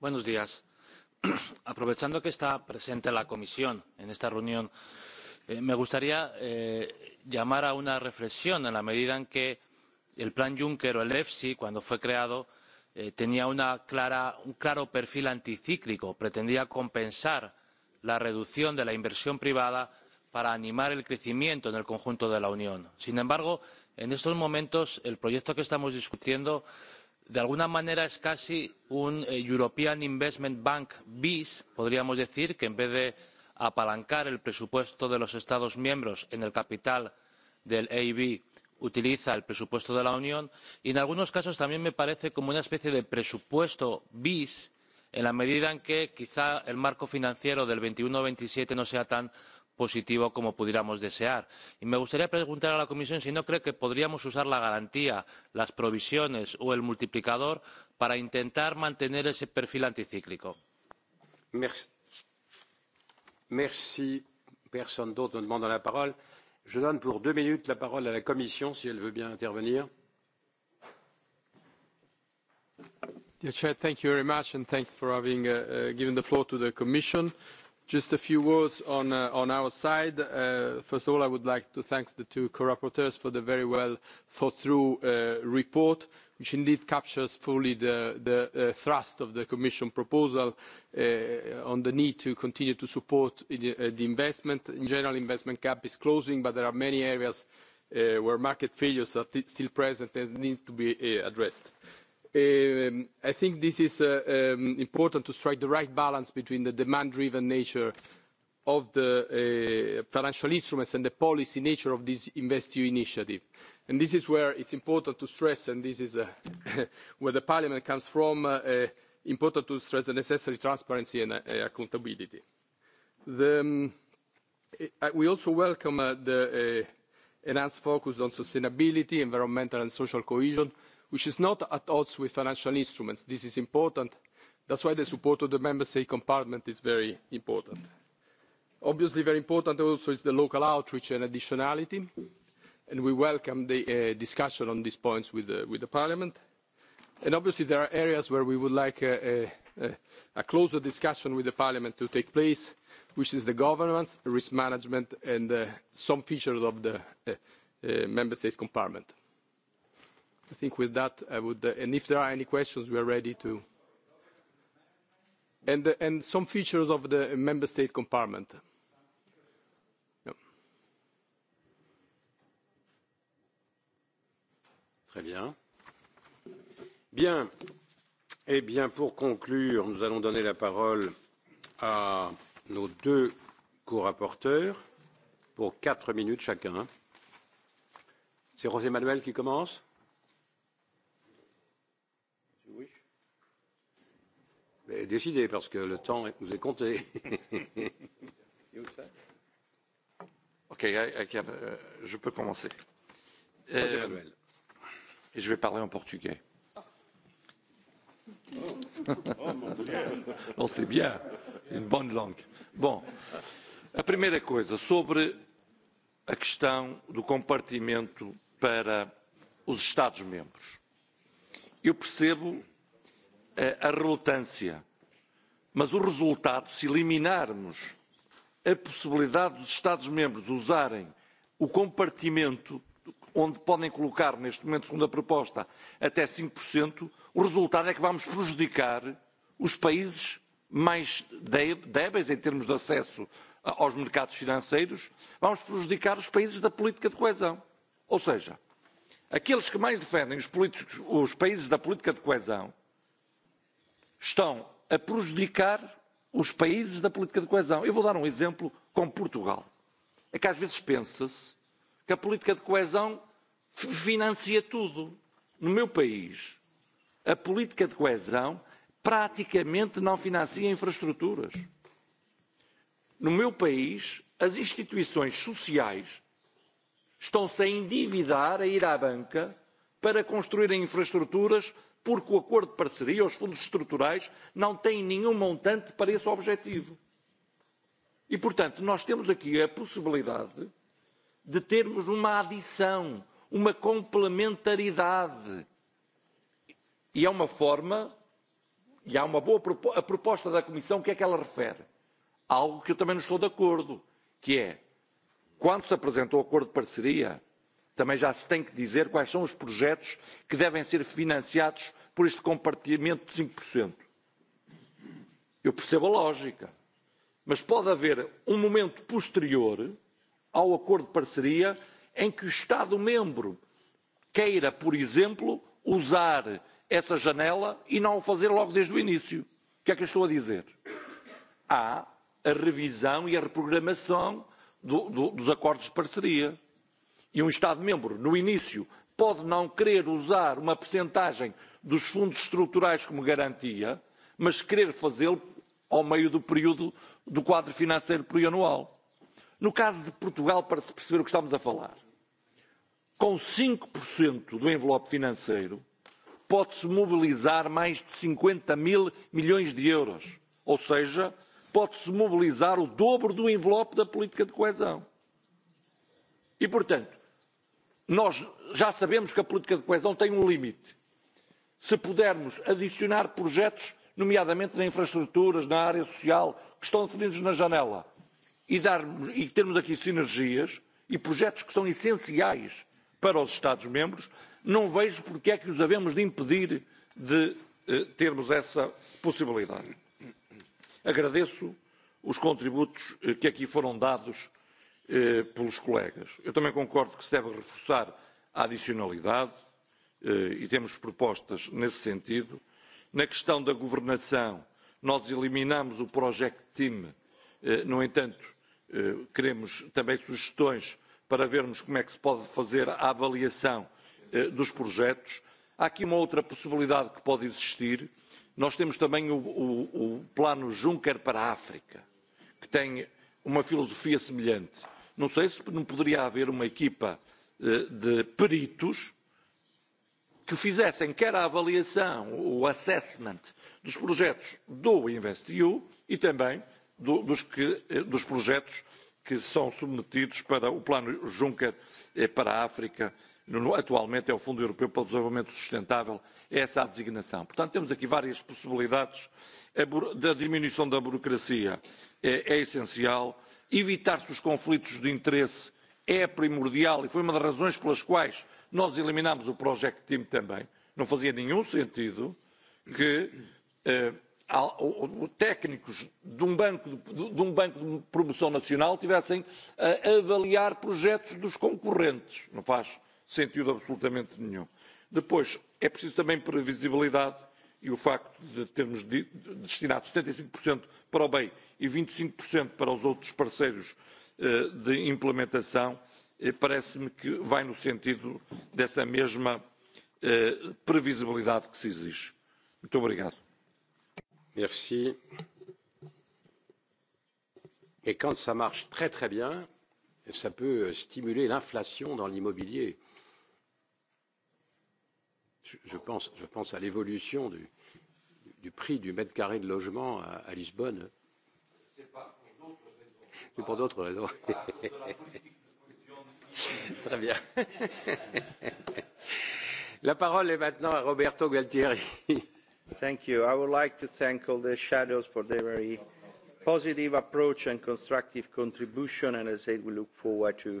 buenos días. aprovechando que está presente la comisión en esta reunión eh, me gustaría eh, llamar a una reflexión en la medida en que el plan juncker o el efsi cuando fue creado eh, tenía un claro perfil anticíclico pretendía compensar la reducción de la inversión privada para animar el crecimiento en el conjunto de la unión. sin embargo en estos momentos el proyecto que estamos discutiendo de alguna manera es casi un eh, European Investment Bank bis, podríamos decir, que en vez de apalancar el presupuesto de los Estados miembros en el capital del EIB utiliza el presupuesto de la Unión y en algunos casos también me parece como una especie de presupuesto bis en la medida en que quizá el marco financiero del 21 veintisiete no sea tan positivo como pudiéramos desear. Y me gustaría preguntar a la Comisión si no cree que podríamos usar la garantía, las provisiones o el multiplicador para intentar mantener ese perfil anticíclico. Merci. Merci. Personne d'autre ne demande la parole. Je donne pour deux minutes la parole à la Commission, si elle veut bien intervenir. Dear Chair, thank you very much and thank you for having uh, uh given the floor to the Commission. Just a few words on, uh, our side. Uh, first of all, I would like to thank the two co-rapporteurs for the very well thought-through uh, report, which indeed captures fully the, thrust of the Commission proposal on the need to continue to support the investment. In general, investment gap is closing, but there are many areas where market failures are still present and need to be addressed. Um, I think this is uh, um, important to strike the right balance between the demand-driven nature of the uh, financial instruments and the policy nature of this InvestEU initiative. And this is where it's important to stress, and this is uh, where the parliament comes from, important to stress the necessary transparency and accountability. Um, we also welcome the enhanced focus on sustainability, environmental and social cohesion, which is not at odds with financial instruments. This is important. That's why the support of the member state compartment is very important. Obviously, very important also is the local outreach and additionality, and we welcome the uh, discussion on these points with the, Parliament. And obviously, there are areas where we would like a, closer discussion with the Parliament to take place, which is the governance, risk management, and uh, some features of the uh, member states compartment. I think with that, I would, uh, and if there are any questions, we are ready to. And, uh, and some features of the member state compartment. Très bien. Bien. Eh bien, pour conclure, nous allons donner la parole à nos deux co-rapporteurs pour quatre minutes chacun. C'est José Manuel qui commence Mais décidez, parce que le temps nous est compté. ok, I, I can, uh, je peux commencer. Euh, et je vais parler en portugais. Oh, C'est bien, une bonne langue. Bon, a primeira coisa, sobre a questão do compartimento para os Estados-membros. Eu percebo a relutância. Mas o resultado, se eliminarmos a possibilidade dos Estados-membros usarem o compartimento onde podem colocar, neste momento, segundo a proposta, até 5%, o resultado é que vamos prejudicar os países mais débeis em termos de acesso aos mercados financeiros, vamos prejudicar os países da política de coesão. Ou seja, aqueles que mais defendem os, os países da política de coesão estão a prejudicar os países da política de coesão. Eu vou dar um exemplo com Portugal. É que às vezes pensa-se que a política de coesão financia tudo. No meu país, a política de coesão praticamente não financia infraestruturas. No meu país, as instituições sociais estão-se a endividar, a ir à banca, para construírem infraestruturas porque o acordo de parceria, os fundos estruturais, não têm nenhum montante para esse objetivo. E, portanto, nós temos aqui a possibilidade de termos uma adição, uma complementaridade. E é uma forma, e há uma boa a proposta da Comissão, o que é que ela refere? Algo que eu também não estou de acordo, que é, quando se apresentou o acordo de parceria, Também já se tem que dizer quais são os projetos que devem ser financiados por este compartimento de 5%. Eu percebo a lógica, mas pode haver um momento posterior ao acordo de parceria em que o Estado membro queira, por exemplo, usar essa janela e não o fazer logo desde o início. O que é que eu estou a dizer? Há a revisão e a reprogramação do, do, dos acordos de parceria e um estado membro no início pode não querer usar uma percentagem dos fundos estruturais como garantia mas querer fazê-lo ao meio do período do quadro financeiro plurianual. No caso de Portugal, para se perceber o que estamos a falar, com 5% do envelope financeiro pode-se mobilizar mais de 50 mil milhões de euros, ou seja, pode-se mobilizar o dobro do envelope da política de coesão. E, portanto, nós já sabemos que a política de coesão tem um limite. Se pudermos adicionar projetos, nomeadamente na infraestruturas, na área social, que estão definidos na janela, e, darmos, e termos aqui sinergias e projetos que são essenciais para os Estados-membros, não vejo porque é que os havemos de impedir de eh, termos essa possibilidade. Agradeço os contributos eh, que aqui foram dados Eh, pelos colegas. Eu também concordo que se deve reforçar a adicionalidade eh, e temos propostas nesse sentido. Na questão da governação, nós eliminamos o Project Team, eh, no entanto, eh, queremos também sugestões para vermos como é que se pode fazer a avaliação dos projetos. Há aqui uma outra possibilidade que pode existir. Nós temos também o, o, o plano Juncker para a África, que tem uma filosofia semelhante Não sei se não poderia haver uma equipa eh, de peritos que fizessem quer a avaliação, o assessment dos projetos do InvestEU e também do, dos, que, eh, dos projetos que são submetidos para o plano Juncker eh, para a África. Atualmente é o Fundo Europeu para o Desenvolvimento Sustentável, é essa a designação. Portanto, temos aqui várias possibilidades. A, da diminuição da burocracia é, é essencial evitar-se os conflitos de interesse é primordial e foi uma das razões pelas quais nós eliminámos o Project Team também. Não fazia nenhum sentido que eh, técnicos de um, banco de, de um banco de promoção nacional tivessem a avaliar projetos dos concorrentes. Não faz sentido absolutamente nenhum. Depois, é preciso também previsibilidade e o facto de termos destinado 75% e para o BEI e 25% e para os outros parceiros eh, de implementação, eh, parece-me que vai no sentido dessa mesma eh, previsibilidade que se exige. Muito obrigado. Merci. Et quand ça marche très très bien, ça peut stimuler l'inflation dans l'immobilier. Je pense, je pense à l'évolution du, du prix du mètre carré de logement à, à Lisbonne C'est pour d'autres raisons. Ah, Très bien. La parole est maintenant à Roberto Galtieri. Thank you. I would like to thank all the shadows for their very positive approach and constructive contribution. And as I said, we look forward to,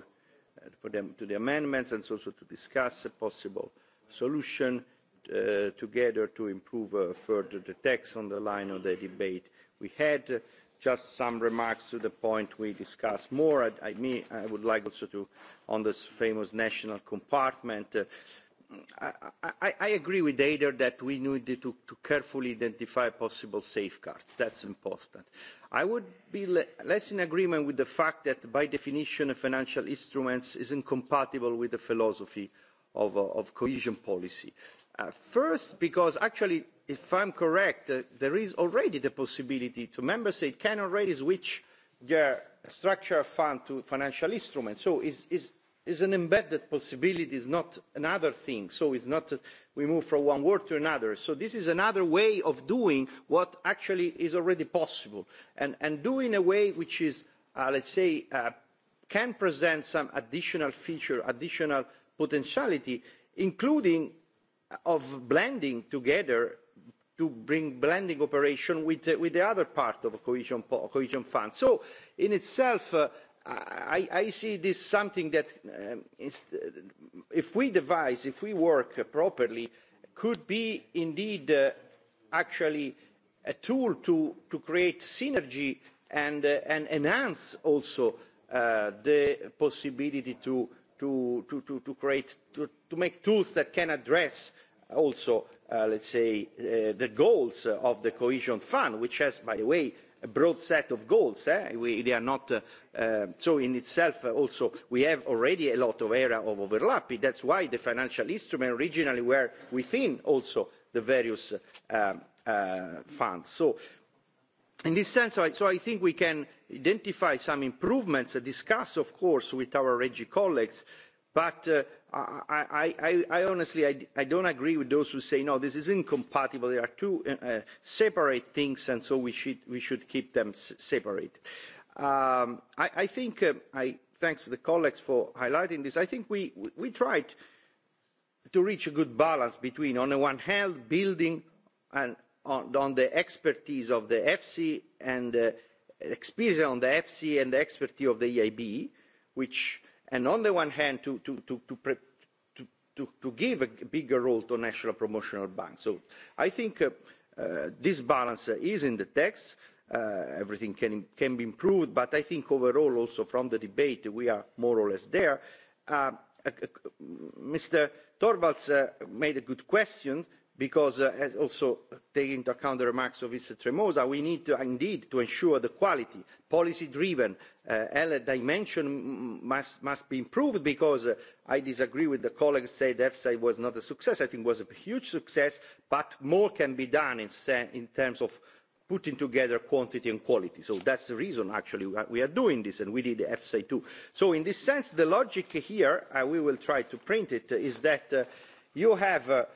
uh, for them, to the amendments and also to discuss a possible solution Uh, together to improve uh, further the text on the line of the debate we had. Uh, just some remarks to the point we discussed more. I, mean, I would like also to, on this famous national compartment, uh, I, I, I agree with Ader that we need to, carefully identify possible safeguards. That's important. I would be less in agreement with the fact that by definition financial instruments is incompatible with the philosophy of, of cohesion policy Uh, first, because actually, if I'm correct, there is already the possibility to member states can already switch their structural fund to financial instruments. So is is is an embedded possibility, is not another thing. So it's not that we move from one word to another. So this is another way of doing what actually is already possible, and and in a way which is, uh, let's say, uh, can present some additional feature, additional potentiality, including of blending together to bring blending operation with uh, with the other part of a cohesion, cohesion fund. So in itself, uh, I, I see this something that uh, is, if we devise, if we work properly, could be indeed actually a tool to, to create synergy and, and enhance also the possibility to, to, to create, to make tools that can address also uh, let's say uh, the goals of the cohesion fund which has by the way a broad set of goals eh? we, they are not uh, um, so in itself also we have already a lot of area of overlap that's why the financial instruments originally were within also the various um, funds so in this sense so i think we can identify some improvements discuss of course with our regi colleagues But uh, I, honestly, I, I don't agree with those who say, no, this is incompatible. There are two uh, uh, separate things, and so we should, keep them separate. Um, I, I think, um, I, thanks the colleagues for highlighting this, I think we, tried to reach a good balance between, on the one hand, building on, the expertise of the EFSI and experience on the EFSI and the expertise of the EIB, which – and on the one hand to, to, to, to, pre, to, to, to give a bigger role to national promotional banks. So I think uh, uh, this balance is in the text. Uh, everything can, can be improved, but I think overall also from the debate we are more or less there. Uh, Mr. Torvalds made a good question because uh, also taking into account the remarks of mr tremosa we need to, indeed to ensure the quality policy driven uh, dimension must, be improved because uh, i disagree with the colleagues who said efsa was not a success i think it was a huge success but more can be done in, terms of putting together quantity and quality so that's the reason actually we are doing this and we did efsa too. so in this sense the logic here and we will try to print it is that you have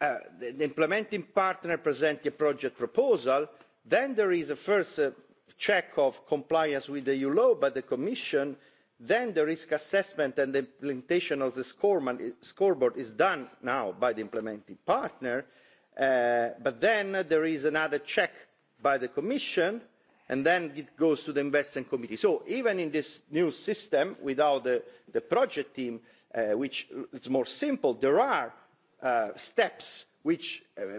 Uh, the, implementing partner presents a project proposal then there is a first uh, check of compliance with the eu law by the commission then the risk assessment and the implementation of the scoreboard is done now by the implementing partner uh, but then there is another check by the commission and then it goes to the investment committee. so even in this new system without the, the project team which is more simple there are Uh, steps which uh,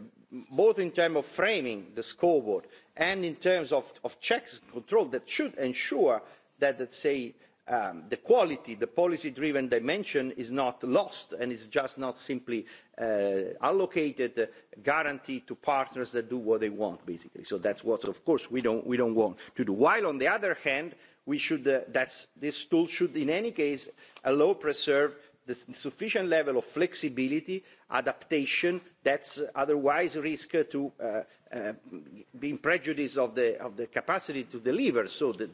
both in terms of framing the scoreboard and in terms of, of checks and control that should ensure that let's say um, the quality the policy driven dimension is not lost and is just not simply uh, allocated uh, guarantee to partners that do what they want basically so that's what of course we don't we don't want to do while on the other hand we should uh, that's this tool should in any case allow preserve the sufficient level of flexibility adaptation that's uh, otherwise risk uh, to uh, be in prejudice of the, of the capacity to deliver so that,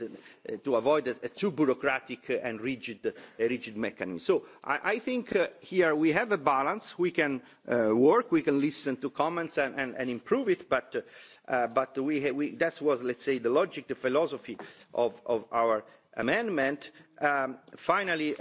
to avoid a, too bureaucratic and rigid, rigid mechanism. So I, I think here we have a balance. We can work, we can listen to comments and, and, improve it, but, but we, we, that was, let's say, the logic, the philosophy of, of our amendment. Um, finally,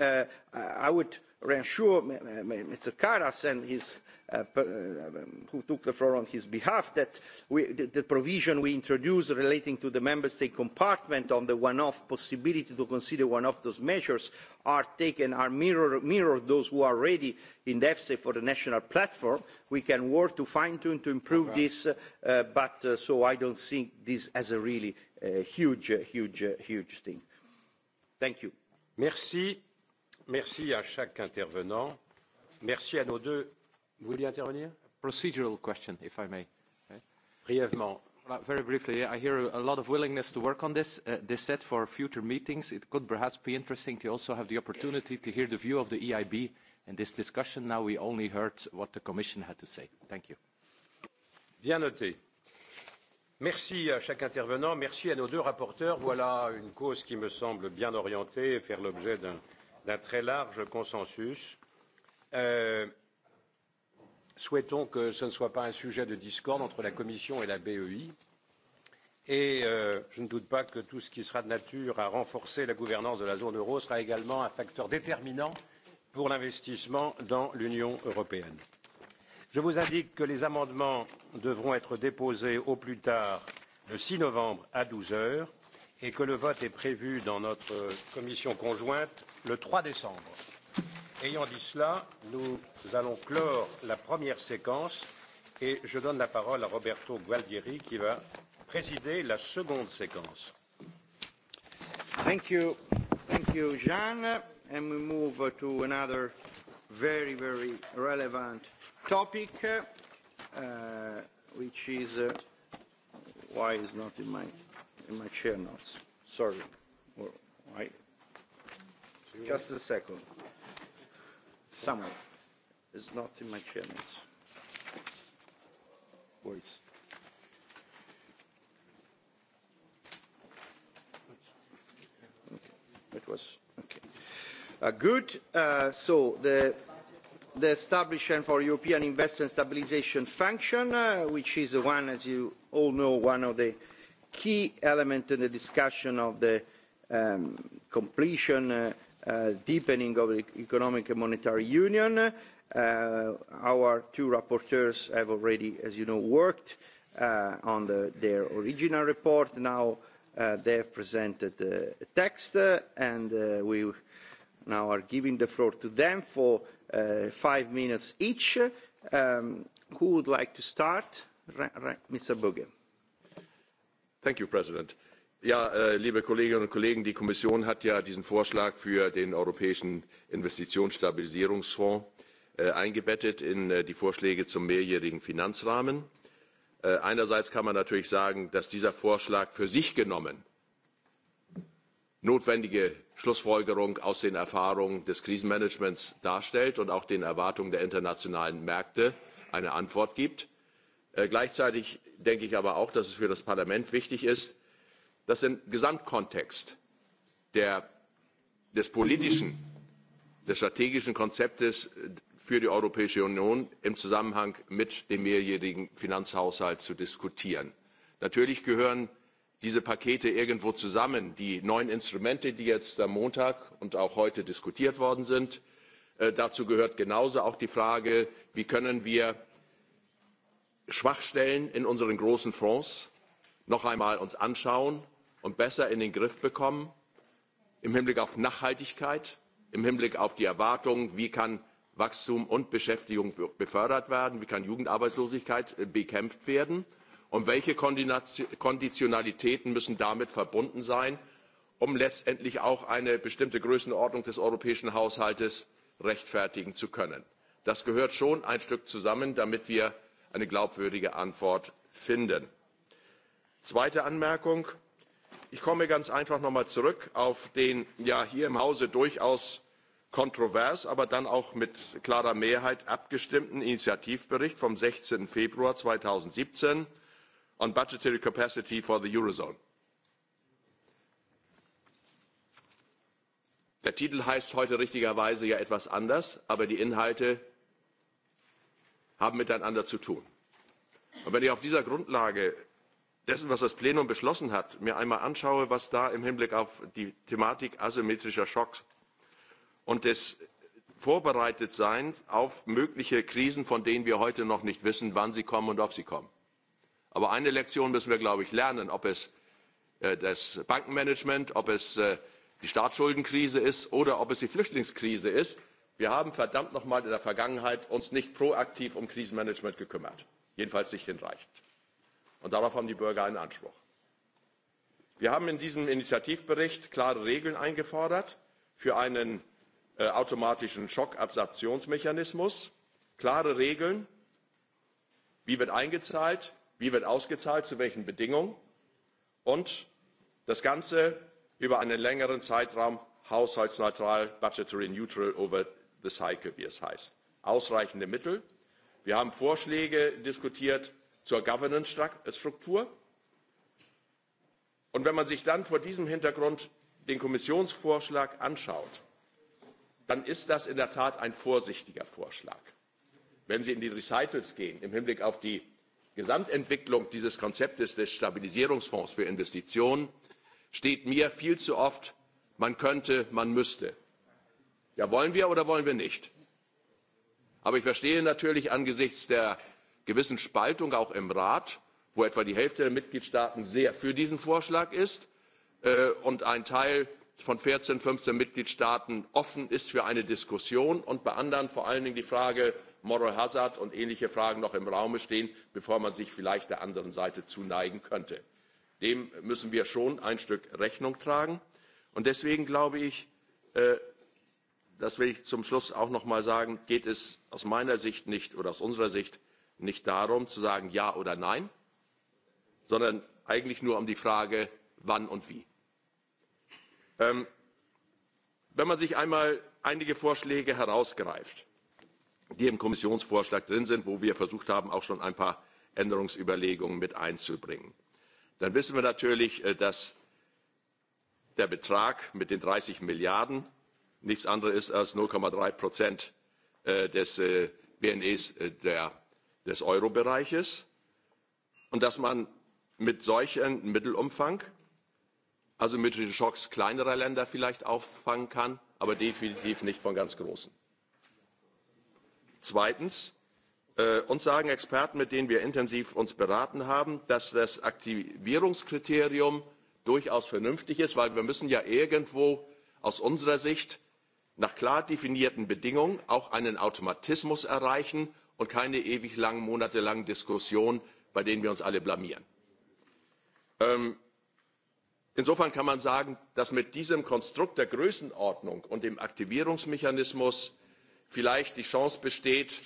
I would reassure Mr. Karas and his, uh, uh um, who took the floor on his behalf that we, the, the provision we introduced relating to the member state compartment on the one-off possibility to consider one-off those measures are taken, are mirror, mirror those who are ready in the EFSA for the national platform. We can work to fine-tune to improve this, uh, but uh, so I don't think this as a really huge, huge, huge thing. Thank you. Merci. Merci à chaque intervenant. Merci à nos deux. Vous vouliez intervenir Procedural question, if I may. Brièvement. Well, very briefly, I hear a lot of willingness to work on this. Uh, this said, for future meetings, it could perhaps be interesting to also have the opportunity to hear the view of the EIB in this discussion. Now we only heard what the Commission had to say. Thank you. Bien noté. Merci à chaque intervenant. Merci à nos deux rapporteurs. Voilà une cause qui me semble bien orientée et faire l'objet d'un d'un très large consensus. Euh, souhaitons que ce ne soit pas un sujet de discorde entre la Commission et la BEI. Et euh, je ne doute pas que tout ce qui sera de nature à renforcer la gouvernance de la zone euro sera également un facteur déterminant pour l'investissement dans l'Union européenne. Je vous indique que les amendements devront être déposés au plus tard le 6 novembre à 12 heures et que le vote est prévu dans notre commission conjointe le 3 décembre. Ayant dit cela, nous allons clore la première séquence et je donne la parole à Roberto Gualdieri qui va présider la seconde séquence. Thank you. Thank you, Jean. And we move to another very, very relevant topic, uh, which is uh, why is not in my, in my chair notes. Sorry. Well, Just a second. Someone. It's not in my chairman's Voice. It was okay. Uh, good. Uh, so the the establishment for European Investment stabilization Function, uh, which is one, as you all know, one of the key elements in the discussion of the um, completion uh, Uh, deepening of economic and monetary union. Uh, our two rapporteurs have already, as you know, worked uh, on the, their original report. Now they have presented the text and we now are giving the floor to them for five minutes each. Um, who would like to start? Mr. Thank you, President. Ja, äh, liebe Kolleginnen und Kollegen, die Kommission hat ja diesen Vorschlag für den Europäischen Investitionsstabilisierungsfonds äh, eingebettet in äh, die Vorschläge zum mehrjährigen Finanzrahmen. Einerseits kann man natürlich sagen, dass dieser Vorschlag für sich genommen notwendige Schlussfolgerung aus den Erfahrungen des Krisenmanagements darstellt und auch den Erwartungen der internationalen Märkte eine Antwort gibt. Gleichzeitig denke ich aber auch, dass es für das Parlament wichtig ist, dass im gesamtkontext der, des politischen des strategischen konzeptes für die europäische union im zusammenhang mit dem mehrjährigen finanzhaushalt zu diskutieren. natürlich gehören diese pakete irgendwo zusammen die neuen instrumente die jetzt am montag und auch heute diskutiert worden sind äh, dazu gehört genauso auch die frage wie können wir schwachstellen in unseren großen fonds noch einmal uns anschauen und besser in den Griff bekommen im Hinblick auf Nachhaltigkeit, im Hinblick auf die Erwartungen, wie kann Wachstum und Beschäftigung befördert werden, wie kann Jugendarbeitslosigkeit äh, bekämpft werden und welche Konditionalitäten müssen damit verbunden sein, um letztendlich auch eine bestimmte Größenordnung des europäischen Haushaltes rechtfertigen zu können. Das gehört schon ein Stück zusammen, damit wir eine glaubwürdige Antwort finden. Zweite Anmerkung ich komme ganz einfach noch mal zurück auf den ja hier im hause durchaus kontrovers aber dann auch mit klarer mehrheit abgestimmten initiativbericht vom. sechzehn februar 2017 on budgetary capacity for the eurozone. der titel heißt heute richtigerweise ja etwas anders aber die inhalte haben miteinander zu tun. und wenn ich auf dieser grundlage dessen was das plenum beschlossen hat mir einmal anschaue was da im hinblick auf die thematik asymmetrischer schocks und des vorbereitetseins auf mögliche krisen von denen wir heute noch nicht wissen wann sie kommen und ob sie kommen. aber eine lektion müssen wir glaube ich lernen ob es äh, das bankenmanagement ob es äh, die staatsschuldenkrise ist oder ob es die flüchtlingskrise ist wir haben uns verdammt noch mal in der vergangenheit nicht proaktiv um krisenmanagement gekümmert jedenfalls nicht hinreichend und darauf haben die bürger einen anspruch. wir haben in diesem initiativbericht klare regeln eingefordert für einen äh, automatischen schockabsorptionsmechanismus klare regeln wie wird eingezahlt wie wird ausgezahlt zu welchen bedingungen und das ganze über einen längeren zeitraum haushaltsneutral budgetary neutral over the cycle wie es heißt ausreichende mittel. wir haben vorschläge diskutiert zur governance äh, struktur und wenn man sich dann vor diesem hintergrund den kommissionsvorschlag anschaut dann ist das in der tat ein vorsichtiger vorschlag. wenn sie in die Recitals gehen im hinblick auf die gesamtentwicklung dieses konzeptes des stabilisierungsfonds für investitionen steht mir viel zu oft man könnte man müsste. ja wollen wir oder wollen wir nicht? aber ich verstehe natürlich angesichts der gewissen Spaltung auch im Rat, wo etwa die Hälfte der Mitgliedstaaten sehr für diesen Vorschlag ist äh, und ein Teil von 14, 15 Mitgliedstaaten offen ist für eine Diskussion und bei anderen vor allen Dingen die Frage Moral Hazard und ähnliche Fragen noch im Raum stehen, bevor man sich vielleicht der anderen Seite zuneigen könnte. Dem müssen wir schon ein Stück Rechnung tragen. Und deswegen glaube ich, äh, das will ich zum Schluss auch noch mal sagen, geht es aus meiner Sicht nicht oder aus unserer Sicht nicht darum zu sagen ja oder nein, sondern eigentlich nur um die Frage, wann und wie. Ähm, wenn man sich einmal einige Vorschläge herausgreift, die im Kommissionsvorschlag drin sind, wo wir versucht haben, auch schon ein paar Änderungsüberlegungen mit einzubringen, dann wissen wir natürlich, äh, dass der Betrag mit den 30 Milliarden nichts anderes ist als 0,3 Prozent äh, des äh, BNEs der des euro und dass man mit solchem Mittelumfang, also mit den Schocks kleinerer Länder vielleicht auffangen kann, aber definitiv nicht von ganz großen. Zweitens, äh, uns sagen Experten, mit denen wir intensiv uns beraten haben, dass das Aktivierungskriterium durchaus vernünftig ist, weil wir müssen ja irgendwo aus unserer Sicht nach klar definierten Bedingungen auch einen Automatismus erreichen, und keine ewig langen, monatelangen Diskussionen, bei denen wir uns alle blamieren. Ähm, insofern kann man sagen, dass mit diesem Konstrukt der Größenordnung und dem Aktivierungsmechanismus vielleicht die Chance besteht,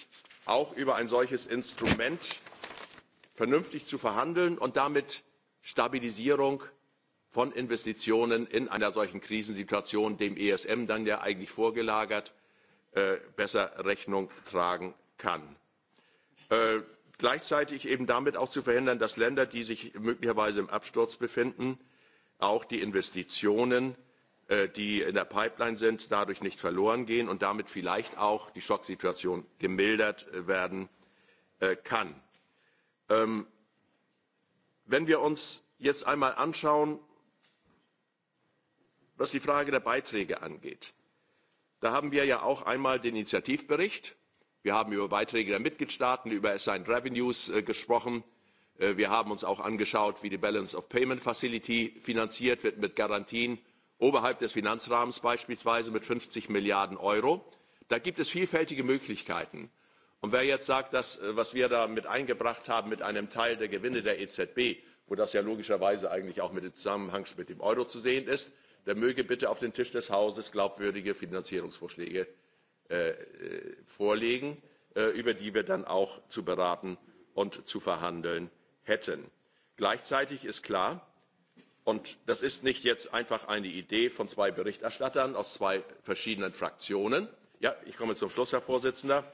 auch über ein solches Instrument vernünftig zu verhandeln und damit Stabilisierung von Investitionen in einer solchen Krisensituation, dem ESM dann ja eigentlich vorgelagert, äh, besser Rechnung tragen kann. Äh, gleichzeitig eben damit auch zu verhindern, dass Länder, die sich möglicherweise im Absturz befinden, auch die Investitionen, äh, die in der Pipeline sind, dadurch nicht verloren gehen und damit vielleicht auch die Schocksituation gemildert äh, werden kann. Ähm, wenn wir uns jetzt einmal anschauen, was die Frage der Beiträge angeht, da haben wir ja auch einmal den Initiativbericht wir haben über beiträge der mitgliedstaaten über assigned revenues äh, gesprochen äh, wir haben uns auch angeschaut wie die balance of payment facility finanziert wird mit garantien oberhalb des finanzrahmens beispielsweise mit fünfzig milliarden euro. da gibt es vielfältige möglichkeiten. und wer jetzt sagt das äh, was wir da mit eingebracht haben mit einem teil der gewinne der ezb wo das ja logischerweise eigentlich auch dem zusammenhang mit dem euro zu sehen ist der möge bitte auf den tisch des hauses glaubwürdige finanzierungsvorschläge Äh, äh, vorlegen äh, über die wir dann auch zu beraten und zu verhandeln hätten. gleichzeitig ist klar und das ist nicht jetzt einfach eine idee von zwei berichterstattern aus zwei verschiedenen fraktionen ja ich komme zum schluss herr vorsitzender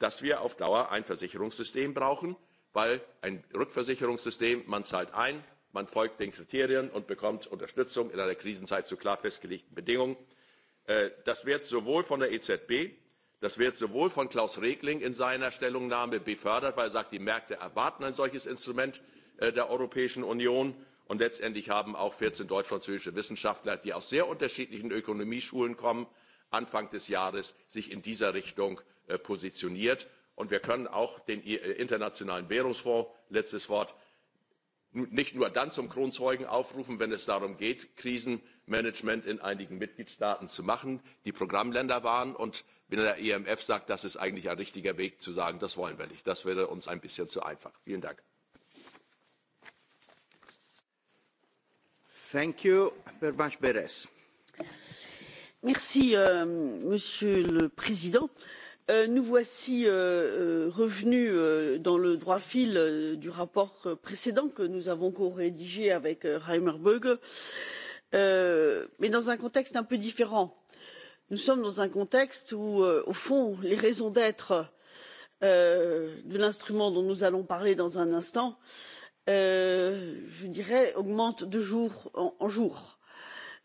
dass wir auf dauer ein versicherungssystem brauchen weil ein rückversicherungssystem man zahlt ein man folgt den kriterien und bekommt unterstützung in einer krisenzeit zu klar festgelegten bedingungen Äh, das wird sowohl von der ezb das wird sowohl von klaus regling in seiner stellungnahme befördert weil er sagt die märkte erwarten ein solches instrument äh, der europäischen union und letztendlich haben auch vierzehn deutsch französische wissenschaftler die aus sehr unterschiedlichen ökonomieschulen kommen anfang des jahres sich in dieser richtung äh, positioniert und wir können auch den internationalen währungsfonds letztes wort nicht nur dann zum kronzeugen aufrufen wenn es darum geht krisenmanagement in einigen mitgliedstaaten zu machen die programmländer waren und wenn der emf sagt das ist eigentlich ein richtiger weg zu sagen das wollen wir nicht das wäre uns ein bisschen zu einfach. vielen dank. Thank you. Merci, euh, monsieur le président Euh, nous voici euh, euh, revenus dans le droit fil du rapport précédent que nous avons corédigé avec reimer bge mais dans un contexte un peu différent. nous sommes dans un contexte où au fond les raisons d'être de l'instrument dont nous allons parler dans un instant je dirais augmentent de jour en jour.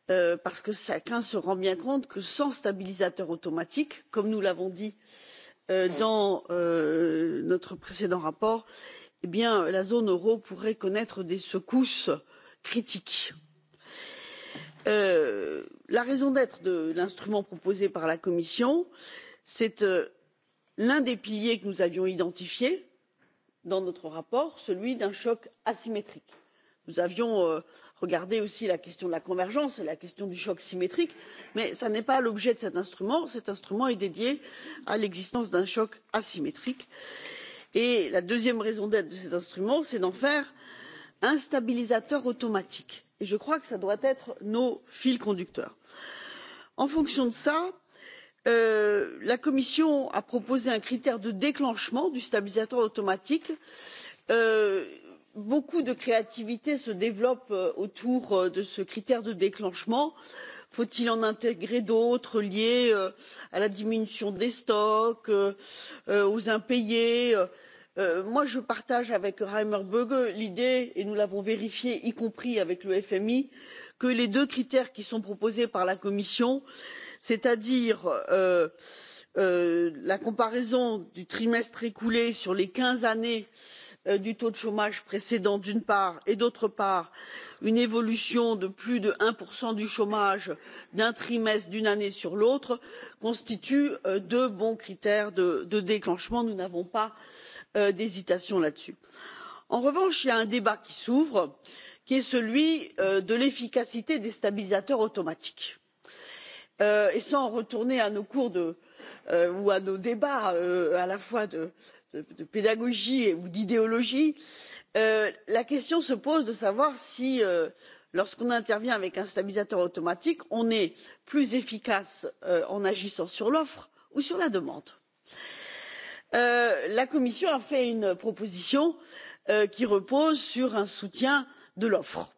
Euh, parce que chacun se rend bien compte que sans stabilisateur automatique comme nous l'avons dit euh, dans euh, notre précédent rapport eh la zone euro pourrait connaître des secousses critiques. la raison d'être de l'instrument proposé par la commission c'est l'un des piliers que nous avions identifiés dans notre rapport celui d'un choc asymétrique. nous avions regardez aussi la question de la convergence et la question du choc symétrique mais ce n'est pas l'objet de cet instrument cet instrument est dédié à l'existence d'un choc asymétrique et la deuxième raison d'être de cet instrument c'est d'en faire un stabilisateur automatique et je crois que cela doit être nos fils conducteurs. en fonction de cela euh, la commission a proposé un critère de déclenchement du stabilisateur automatique euh, beaucoup de créativité se développe euh, autour euh, de ce critère de déclenchement faut il en intégrer d'autres liés euh, à la diminution des stocks aux impayés? je partage avec reimer bge l'idée et nous l'avons vérifié y compris avec le fmi que les deux critères qui sont proposés par la commission c'est à dire la comparaison du trimestre écoulé sur les quinze années Euh, du taux de chômage précédent d'une part et d'autre part une évolution de plus de un du chômage d'un trimestre d'une année sur l'autre constituent euh, deux bons critères de déclenchement nous n'avons pas euh, d'hésitation là dessus. en revanche il y a un débat qui s'ouvre qui est celui de l'efficacité des stabilisateurs automatiques et sans retourner à nos cours ou à nos débats à la fois de de, pédagogie ou d'idéologie euh, la question se pose de savoir si euh, lorsqu'on intervient avec un stabilisateur automatique on est plus efficace euh, en agissant sur l'offre ou sur la demande. la commission a fait une proposition qui repose sur un soutien de l'offre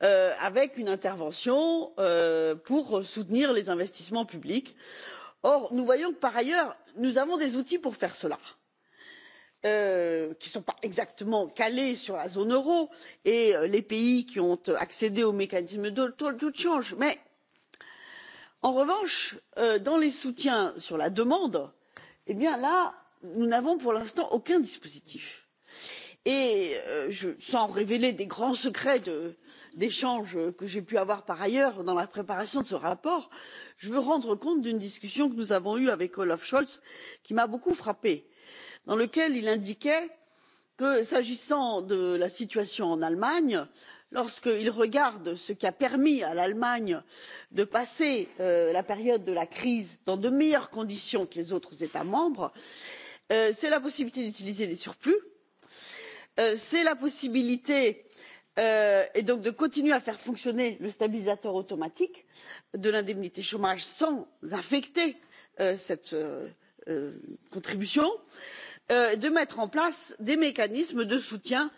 avec une intervention pour soutenir les investissements publics. or nous voyons que par ailleurs nous avons des outils pour faire cela Euh, qui ne sont pas exactement calés sur la zone euro et euh, les pays qui ont euh, accédé au mécanisme de taux de change mais en revanche dans les soutiens sur la demande eh bien là nous n'avons pour l'instant aucun dispositif et sans révéler des grands secrets d'échanges que j'ai pu avoir par ailleurs dans la préparation de ce rapport je veux rendre compte d'une discussion que nous avons eue avec olaf scholz qui m'a beaucoup frappée dans lequel il indiquait que s'agissant de la situation en allemagne lorsqu'il regarde ce qui a permis à l'allemagne de passer euh, la période de la crise dans de meilleures conditions que les autres états membres euh, c'est la possibilité d'utiliser les surplus euh, c'est la possibilité et donc de continuer à faire fonctionner le stabilisateur automatique de l'indemnité chômage sans affecter cette contribution Euh, de mettre en place des mécanismes de soutien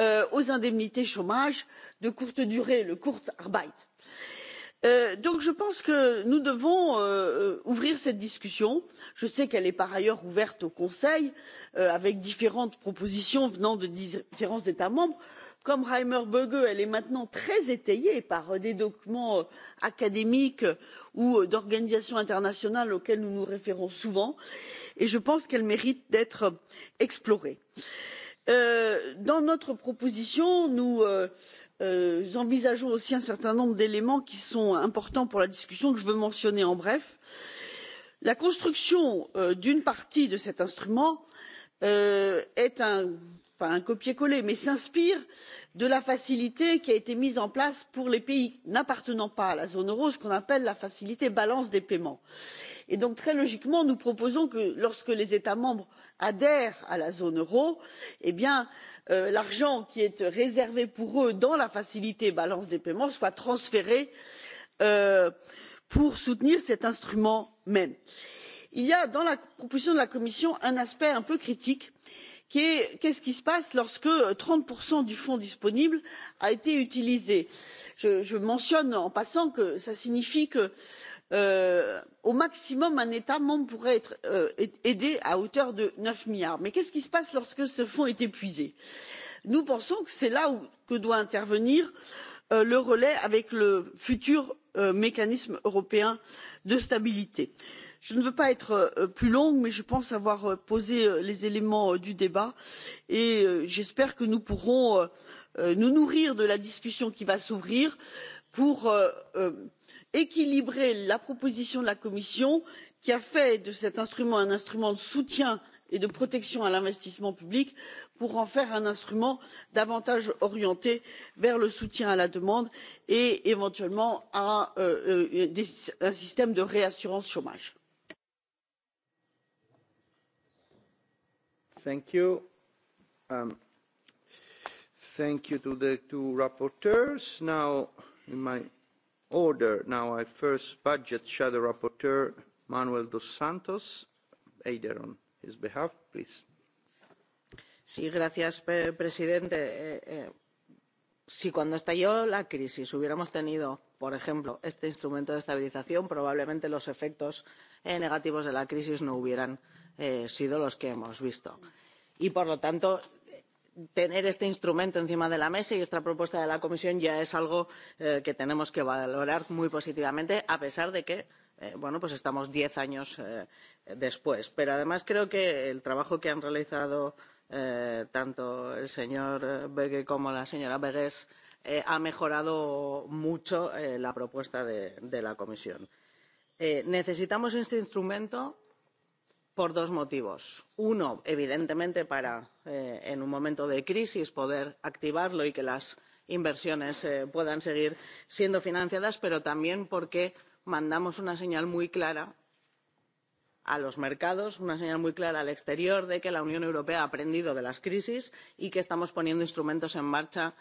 euh, aux indemnités chômage de courte durée le kurzarbeit. Euh, donc je pense que nous devons ouvrir cette discussion je sais qu'elle est par ailleurs ouverte au conseil avec différentes propositions venant de différents états membres comme reimer bge elle est maintenant très étayée par euh, des documents euh, académiques euh, ou d'organisations internationales auxquels nous nous référons souvent et je pense qu'elle mérite d'être explorée. dans notre proposition nous envisageons aussi un certain nombre d'éléments qui sont importants pour la discussion que je veux mentionner en bref la construction d'une partie de cet instrument est un pas un copier coller mais s'inspire de la facilité qui a été mise en place pour les pays n'appartenant pas à la zone euro ce qu'on appelle la facilité balance des paiements. et donc très logiquement nous proposons que lorsque les états membres adhèrent à la zone euro eh euh, l'argent qui est réservé pour eux dans la facilité balance des paiements soit transféré euh, pour soutenir cet instrument même. il y a dans la proposition de la commission un aspect un peu critique qui qu'est ce qui se passe lorsque euh, trente du fonds disponible a été utilisé? je mentionne en passant que cela signifie qu'au euh, maximum un état membre pourrait être euh, aidé à hauteur de neuf milliards mais qu'est ce qui se passe lorsque ce fonds est épuisé? nous pensons que c'est là que doit intervenir le relais avec le futur mécanisme européen de stabilité je ne veux pas être euh, plus longue mais je pense avoir euh, posé euh, les éléments du débat et j'espère que nous pourrons nous nourrir de la discussion qui va s'ouvrir pour équilibrer la proposition de la commission qui a fait de cet instrument un instrument de soutien et de protection à l'investissement public pour en faire un instrument davantage orienté vers le soutien à la demande et éventuellement à un système de réassurance chômage. Thank you. Um, thank you to the two rapporteurs. Now, in my order, now I first budget shadow rapporteur Manuel dos Santos. Eider on his behalf, please. Sí, gracias, presidente. Eh, eh si cuando estalló la crisis hubiéramos tenido por ejemplo este instrumento de estabilización probablemente los efectos eh, negativos de la crisis no hubieran eh, sido los que hemos visto. y por lo tanto tener este instrumento encima de la mesa y esta propuesta de la comisión ya es algo eh, que tenemos que valorar muy positivamente a pesar de que bueno pues estamos diez años después. pero además creo que el trabajo que han realizado Eh, tanto el señor eh, begue como la señora Begues, eh, ha mejorado mucho eh, la propuesta de, de la Comisión. Eh, necesitamos este instrumento por dos motivos. Uno, evidentemente, para eh, en un momento de crisis poder activarlo y que las inversiones puedan seguir siendo financiadas, pero también porque mandamos una señal muy clara a los mercados una señal muy clara al exterior de que la unión europea ha aprendido de las crisis y que estamos poniendo instrumentos en marcha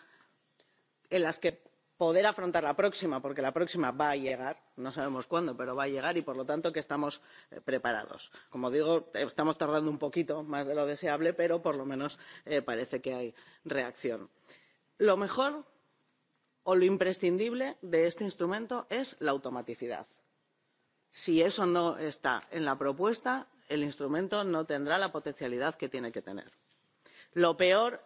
en los que poder afrontar la próxima porque la próxima va a llegar no sabemos cuándo pero va a llegar y por lo tanto que estamos eh, preparados. como digo eh, estamos tardando un poquito más de lo deseable pero por lo menos eh, parece que hay reacción. lo mejor o lo imprescindible de este instrumento es la automaticidad si eso no está en la propuesta el instrumento no tendrá la potencialidad que tiene que tener. lo peor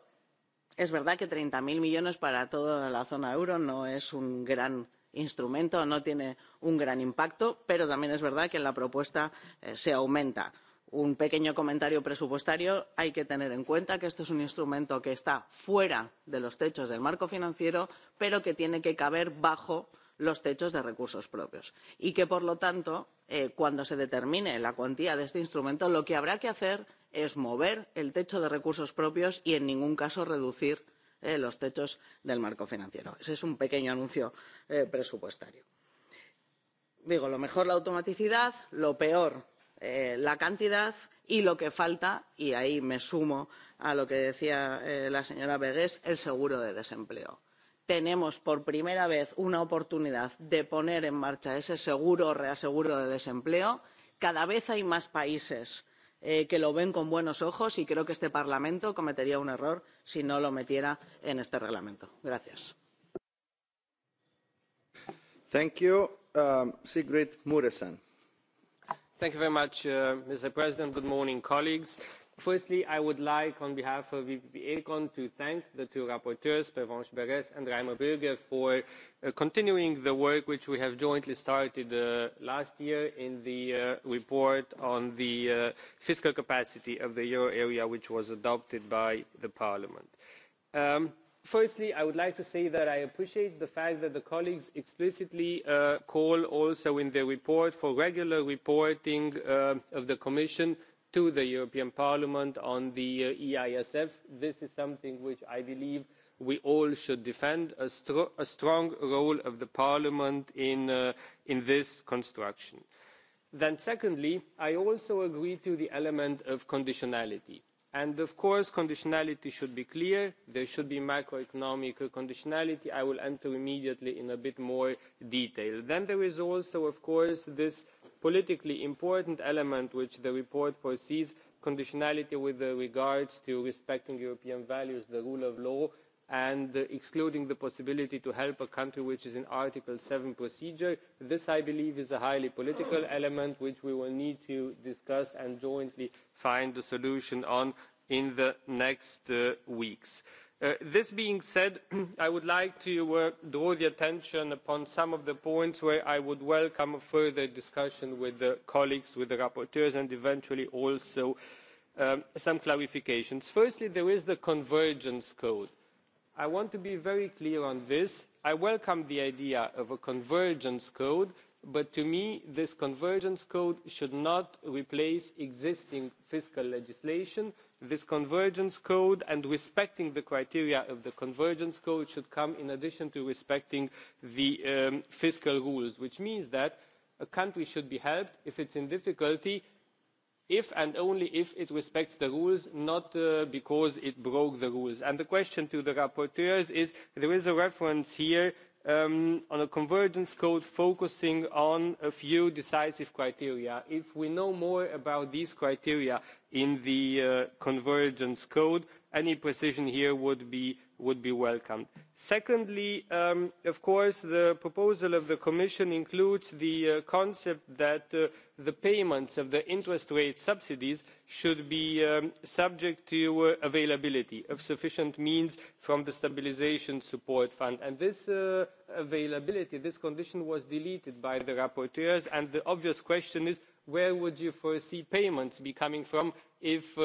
es verdad que treinta cero millones para toda la zona euro no es un gran instrumento no tiene un gran impacto pero también es verdad que en la propuesta eh, se aumenta. un pequeño comentario presupuestario hay que tener en cuenta que esto es un instrumento que está fuera de los techos del marco financiero pero que tiene que caber bajo los techos de recursos propios y que por lo tanto eh, cuando se determine la cuantía de este instrumento lo que habrá que hacer es mover el techo de recursos propios y en ningún caso reducir eh, los techos del marco financiero. ese es un pequeño anuncio eh, presupuestario. digo lo mejor la automaticidad lo peor eh, la cantidad y lo que falta y ahí me sumo a lo que decía la señora Vegués el seguro de desempleo tenemos por primera vez una oportunidad de poner en marcha ese seguro o reaseguro de desempleo. cada vez hay más países eh, que lo ven con buenos ojos y creo que este parlamento cometería un error si no lo metiera en este reglamento. gracias. Um, firstly i would like on behalf of the econ to thank the two rapporteurs pervenche bers and reimer bge for uh, continuing the work which we have jointly started uh, last year in the uh, report on the fiscal capacity of the euro area which was adopted by the parliament. Um, firstly i would like to say that i appreciate the fact that the colleagues explicitly call also in their report for regular reporting of the commission to the european parliament on the uh, eisf. this is something which i believe we all should defend a, strong role of the parliament uh, in, this construction. then secondly i also agree to the element of conditionality and of course conditionality should be clear there should be macroeconomic conditionality i will enter immediately in a bit more detail. then there is also of course this politically important element which the report foresees conditionality with regards to respecting european values the rule of law and excluding the possibility to help a country which is in article seven procedure this i believe is a highly political element which we will need to discuss and jointly find a solution on in the next uh, weeks. Uh, this being said i would like to uh, draw the attention upon some of the points where i would welcome further discussion with the colleagues with the rapporteurs and eventually also um, some clarifications. firstly there is the convergence code. i want to be very clear on this i welcome the idea of a convergence code but to me this convergence code should not replace existing fiscal legislation this convergence code and respecting the criteria of the convergence code should come in addition to respecting the um, fiscal rules which means that a country should be helped if it's in difficulty if and only if it respects the rules not uh, because it broke the rules. And the question to the rapporteurs is there is a reference here Um, on a convergence code focusing on a few decisive criteria. If we know more about these criteria in the uh, convergence code, any precision here would be would be welcomed. secondly um, of course the proposal of the commission includes the uh, concept that uh, the payments of the interest rate subsidies should be um, subject to uh, availability of sufficient means from the stabilisation support fund and this availability this condition was deleted by the rapporteurs and the obvious question is where would you foresee payments be coming from uh, if,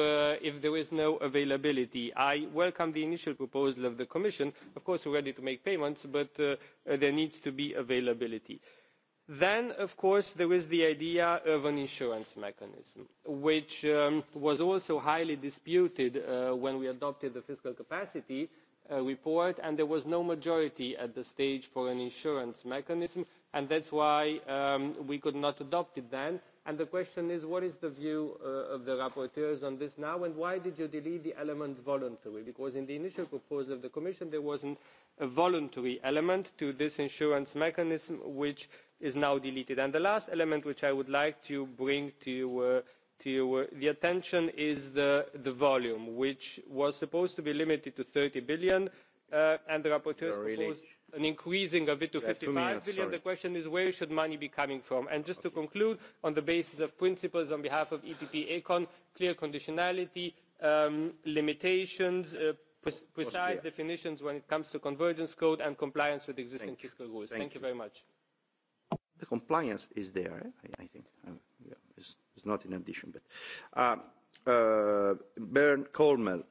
there is no availability? i welcome the initial proposal of the commission of course we are ready to make payments but uh, uh, there needs to be availability. then of course there is the idea of an insurance mechanism which um, was also highly disputed when we adopted the fiscal capacity report and there was no majority at the stage for an insurance mechanism and that's why um, we could not adopt it then and the question is what is the view uh, of the rapporteurs on this now and why did you delete the element voluntary because in the initial proposal of the commission there wasn't a voluntary element to this insurance mechanism which is now deleted and the last element which i would like to bring to uh, to uh, the attention is the, the volume which was supposed to be limited to 30 billion uh, and the rapporteurs proposed an increasing of it to 55 billion the question is where should money be coming from? and just to conclude on the basis of principles on behalf of epp econ clear conditionality um, limitations uh, precise definitions when it comes to convergence code and compliance with existing fiscal rules. Thank, you. very much. The compliance is there, eh? I, think. Um, it's, not in addition, but. Um, Bernd Colmel,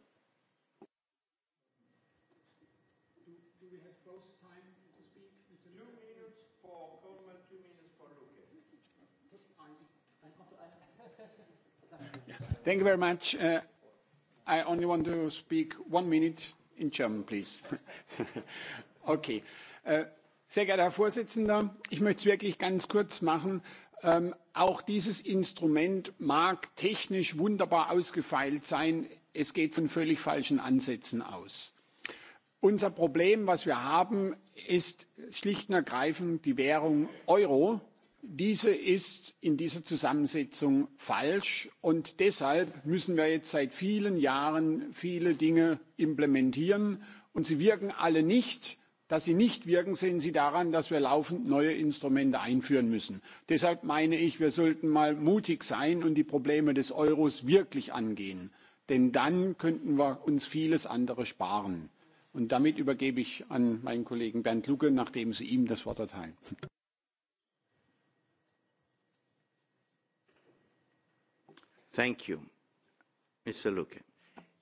Thank you very much. Uh, I only want to speak one minute in German, please. okay. Äh, sehr geehrter Herr Vorsitzender, ich möchte es wirklich ganz kurz machen. Ähm, auch dieses Instrument mag technisch wunderbar ausgefeilt sein. Es geht von völlig falschen Ansätzen aus. Unser Problem, was wir haben, ist schlicht und ergreifend die Währung Euro diese ist in dieser zusammensetzung falsch und deshalb müssen wir jetzt seit vielen jahren viele dinge implementieren und sie wirken alle nicht. dass sie nicht wirken sehen sie daran dass wir laufend neue instrumente einführen müssen. deshalb meine ich wir sollten mal mutig sein und die probleme des euros wirklich angehen denn dann könnten wir uns vieles andere sparen. und damit übergebe ich an meinen kollegen bernd lucke nachdem sie ihm das wort erteilen. Thank you. Mr.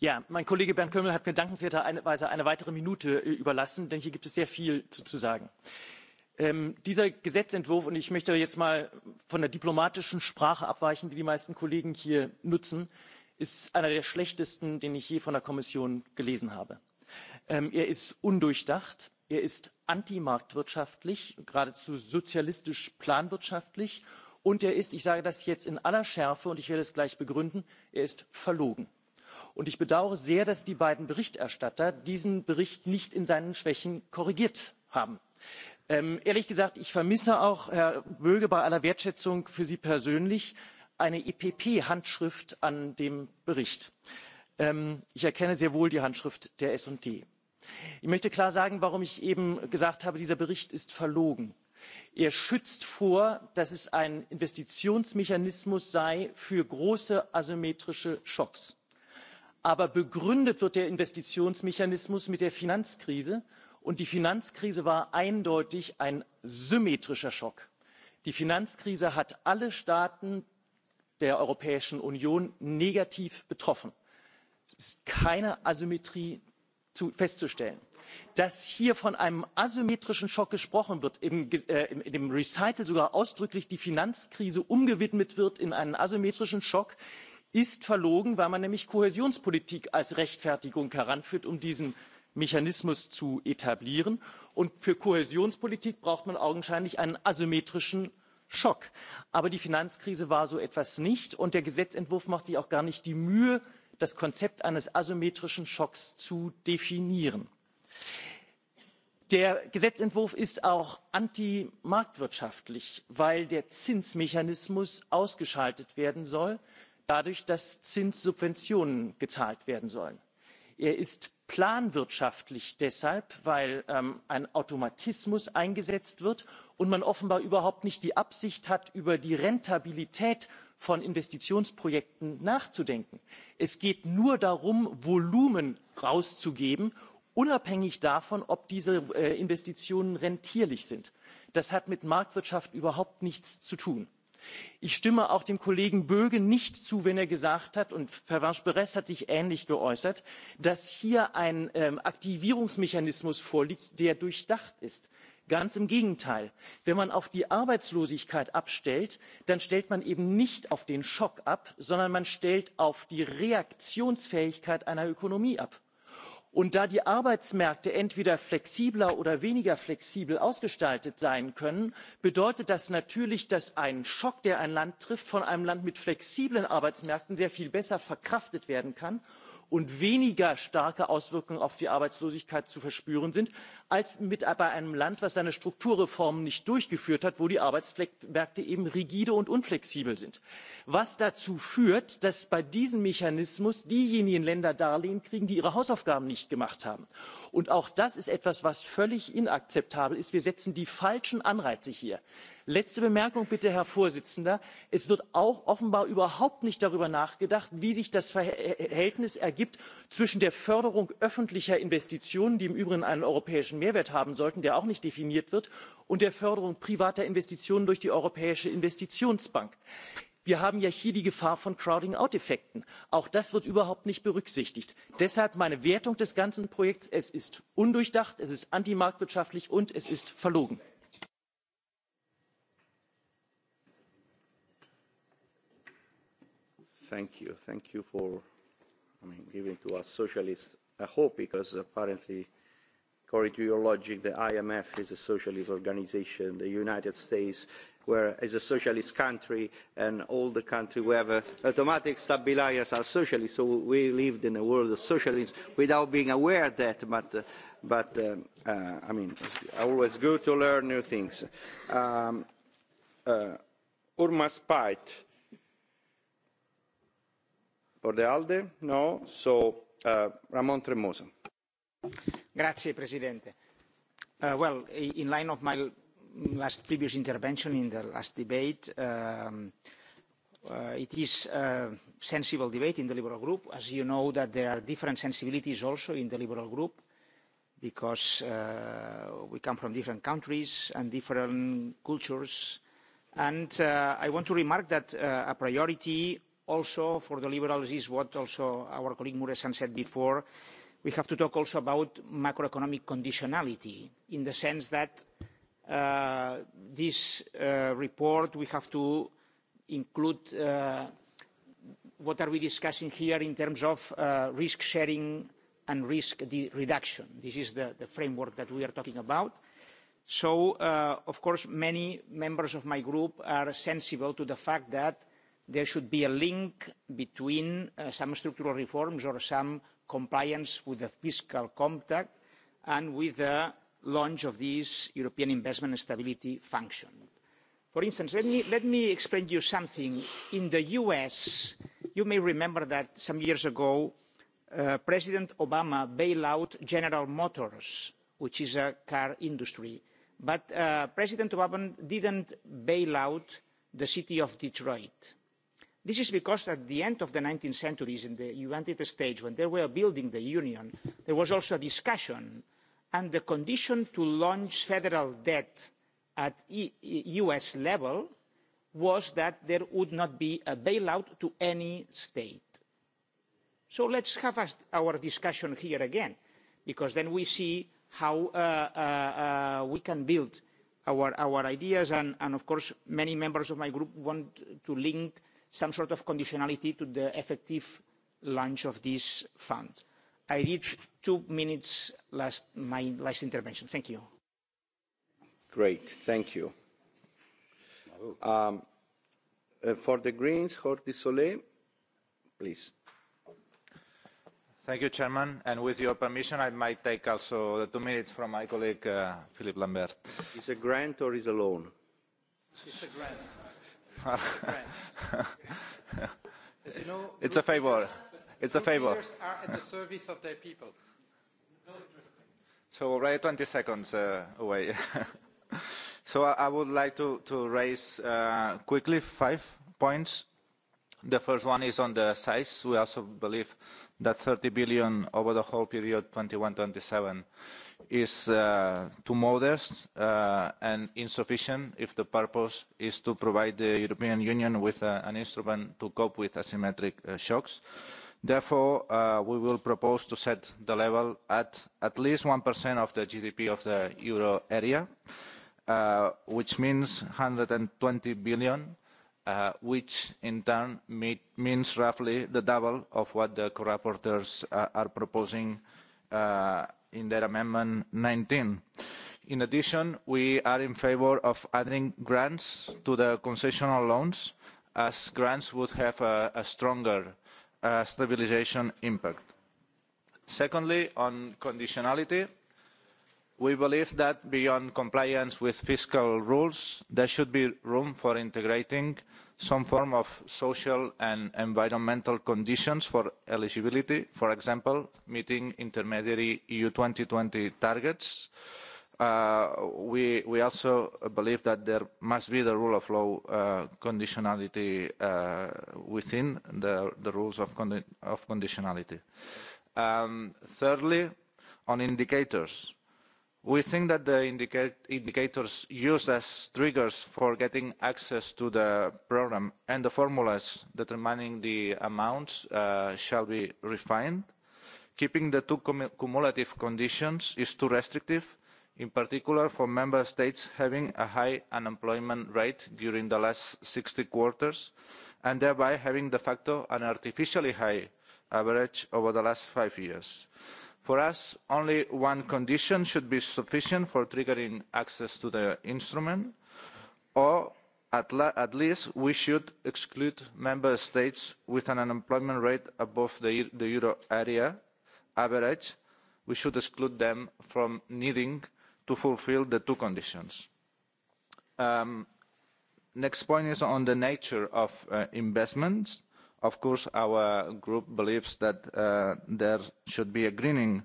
Ja, mein Kollege Bernd Kömmel hat mir dankenswerterweise eine weitere Minute äh, überlassen, denn hier gibt es sehr viel zu, zu sagen. Ähm, dieser Gesetzentwurf, und ich möchte jetzt mal von der diplomatischen Sprache abweichen, die die meisten Kollegen hier nutzen, ist einer der schlechtesten, den ich je von der Kommission gelesen habe. Ähm, er ist undurchdacht, er ist antimarktwirtschaftlich, geradezu sozialistisch planwirtschaftlich und er ist ich sage das jetzt in aller schärfe und ich werde es gleich begründen er ist verlogen. und ich bedaure sehr dass die beiden berichterstatter diesen bericht nicht in seinen schwächen korrigiert haben. Ähm, ehrlich gesagt ich vermisse auch herr böge bei aller wertschätzung für sie persönlich eine epp handschrift an dem bericht. Ähm, ich erkenne sehr wohl die handschrift der D. ich möchte klar sagen warum ich eben gesagt habe dieser bericht ist verlogen er schützt vor dass es ein investitionsmechanismus sei für große asymmetrische schocks. aber begründet wird der investitionsmechanismus mit der finanzkrise und die finanzkrise war eindeutig ein symmetrischer schock. die finanzkrise hat alle staaten der europäischen union negativ betroffen. es ist keine asymmetrie festzustellen dass hier von einem asymmetrischen schock gesprochen wird äh, in dem recital sogar ausdrücklich die finanzkrise umgewidmet wird in einen asymmetrischen schock ist verlogen weil man nämlich kohäsionspolitik als rechtfertigung heranführt um diesen mechanismus zu etablieren und für kohäsionspolitik braucht man augenscheinlich einen asymmetrischen schock. aber die finanzkrise war so etwas nicht und der gesetzentwurf macht sich auch gar nicht die mühe das konzept eines asymmetrischen schocks zu definieren der gesetzentwurf ist auch antimarktwirtschaftlich weil der zinsmechanismus ausgeschaltet werden soll dadurch dass zinssubventionen gezahlt werden sollen. er ist planwirtschaftlich deshalb weil ähm, ein automatismus eingesetzt wird und man offenbar überhaupt nicht die absicht hat über die rentabilität von investitionsprojekten nachzudenken. es geht nur darum volumen herauszugeben unabhängig davon ob diese äh, investitionen rentierlich sind. das hat mit marktwirtschaft überhaupt nichts zu tun. ich stimme auch dem kollegen böge nicht zu wenn er gesagt hat und pervenche bers hat sich ähnlich geäußert dass hier ein ähm, aktivierungsmechanismus vorliegt der durchdacht ist. ganz im gegenteil wenn man auf die arbeitslosigkeit abstellt dann stellt man eben nicht auf den schock ab sondern man stellt auf die reaktionsfähigkeit einer ökonomie ab und da die arbeitsmärkte entweder flexibler oder weniger flexibel ausgestaltet sein können bedeutet das natürlich dass ein schock der ein land trifft von einem land mit flexiblen arbeitsmärkten sehr viel besser verkraftet werden kann und weniger starke auswirkungen auf die arbeitslosigkeit zu verspüren sind als bei einem land das seine strukturreformen nicht durchgeführt hat wo die arbeitsmärkte eben rigide und unflexibel sind was dazu führt dass bei diesem mechanismus diejenigen länder darlehen kriegen die ihre hausaufgaben nicht gemacht haben und auch das ist etwas was völlig inakzeptabel ist wir setzen die falschen anreize hier. letzte bemerkung bitte herr Vorsitzender. es wird auch offenbar überhaupt nicht darüber nachgedacht wie sich das verhältnis ergibt zwischen der förderung öffentlicher investitionen die im übrigen einen europäischen mehrwert haben sollten der auch nicht definiert wird und der förderung privater investitionen durch die europäische investitionsbank wir haben ja hier die gefahr von crowding out effekten auch das wird überhaupt nicht berücksichtigt. deshalb meine wertung des ganzen projekts es ist undurchdacht es ist antimarktwirtschaftlich und es ist verlogen. Thank you. Thank you for I mean, giving to hope because apparently according to your logic the imf is a socialist organisation the united states where as a socialist country and all the country we have automatic stabilizers are socialists, so we lived in a world of socialism without being aware of that, but, uh, but um, uh, I mean, it's always good to learn new things. Um, uh, Urma Spite. For ALDE? No? So, uh, Ramon Tremosa. Grazie, Presidente. Uh, well, in line of my last previous intervention in the last debate. Um, uh, it is a sensible debate in the Liberal Group. As you know that there are different sensibilities also in the Liberal Group because uh, we come from different countries and different cultures. And uh, I want to remark that uh, a priority also for the Liberals is what also our colleague Muresan said before. We have to talk also about macroeconomic conditionality in the sense that Uh, this uh, report we have to include uh, what are we discussing here in terms of risk sharing and risk reduction. This is the, framework that we are talking about. So of course many members of my group are sensible to the fact that there should be a link between some structural reforms or some compliance with the fiscal compact and with the launch of this European Investment and Stability Function. For instance, let me, let me explain to you something. In the US, you may remember that some years ago, uh, President Obama bailed out General Motors, which is a car industry. But uh, President Obama didn't bail out the city of Detroit. This is because at the end of the 19th century in the United States, when they were building the Union, there was also a discussion and the condition to launch federal debt at e, e, us level was that there would not be a bailout to any state. so let's have our discussion here again because then we see how uh, uh, uh, we can build our, our ideas and, and of course many members of my group want to link some sort of conditionality to the effective launch of this fund. I did two minutes last my last intervention. Thank you. Great, thank you. Um, uh, for the Greens, Jordi Soleil, please. Thank you, Chairman. And with your permission, I might take also the two minutes from my colleague, uh, Philippe Lambert. Is a grant or is a loan? It's a grant. it's a favor. It's a favor. So already 20 seconds uh, away. so I, I would like to, to raise uh, quickly five points. The first one is on the size. We also believe that 30 billion over the whole period 21-27 is uh, too modest uh, and insufficient if the purpose is to provide the European Union with uh, an instrument to cope with asymmetric uh, shocks. Therefore, uh, we will propose to set the level at at least one of the GDP of the euro area, uh, which means EUR 120 billion, uh, which in turn means roughly the double of what the co-rapporteurs are proposing in their amendment 19. In addition, we are in favour of adding grants to the concessional loans, as grants would have a stronger Uh, stabilisation impact. Secondly, on conditionality, we believe that beyond compliance with fiscal rules, there should be room for integrating some form of social and environmental conditions for eligibility, for example, meeting intermediary EU 2020 targets, Uh, we, we also believe that there must be the rule of law uh, conditionality uh, within the, the rules of, of conditionality. Um, thirdly, on indicators. We think that the indicators used as triggers for getting access to the program and the formulas determining the amounts uh, shall be refined. Keeping the two cumulative conditions is too restrictive in particular for member states having a high unemployment rate during the last 60 quarters and thereby having de facto an artificially high average over the last five years. For us, only one condition should be sufficient for triggering access to the instrument, or at, least we should exclude member states with an unemployment rate above the euro area average. We should exclude them from needing to fulfil the two conditions. Um, next point is on the nature of uh, investments. Of course, our group believes that uh, there should be a greening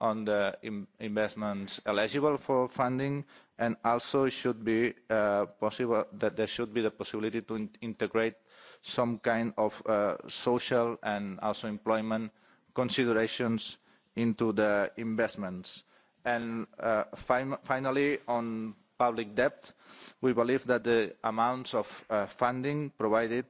on the investments eligible for funding, and also should be uh, possible that there should be the possibility to integrate some kind of social and also employment considerations into the investments And uh, finally, on public debt, we believe that the amounts of uh, funding provided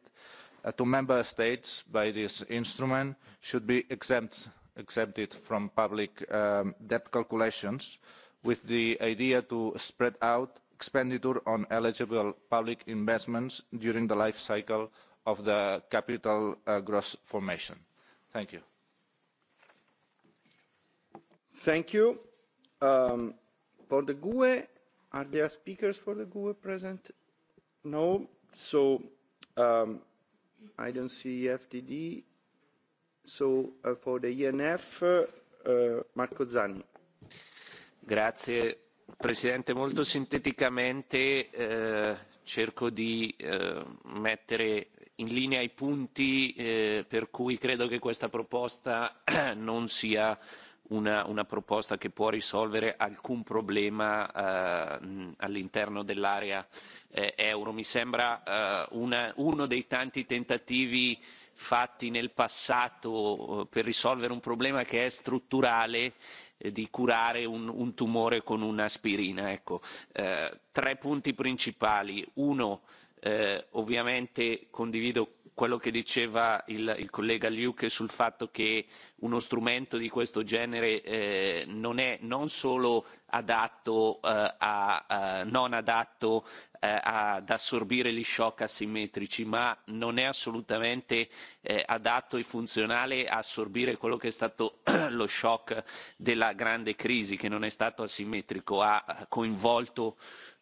uh, to member states by this instrument should be exempt, exempted from public um, debt calculations with the idea to spread out expenditure on eligible public investments during the life cycle of the capital gross formation. Thank you. Thank you. Um, for the GUE, are there speakers for the GUE present? No. So um, I don't see FDD. So uh, for the ENF, uh, Marco Zanni. Grazie. Presidente, molto sinteticamente eh, cerco di eh, mettere in linea i punti eh, per cui credo che questa proposta non sia una, una proposta che può risolvere alcun problema eh, all'interno dell'area eh, euro. Mi sembra eh, una, uno dei tanti tentativi fatti nel passato per risolvere un problema che è strutturale di curare un, un tumore con un'aspirina. Ecco, tre punti principali. Uno, ovviamente condivido quello che diceva il, il collega Liuke sul fatto che uno strumento di questo genere eh, non è non solo adatto eh, a, non adatto eh, ad assorbire gli shock asimmetrici, ma non è assolutamente adatto e funzionale a assorbire quello che è stato lo shock della grande crisi che non è stato asimmetrico, ha coinvolto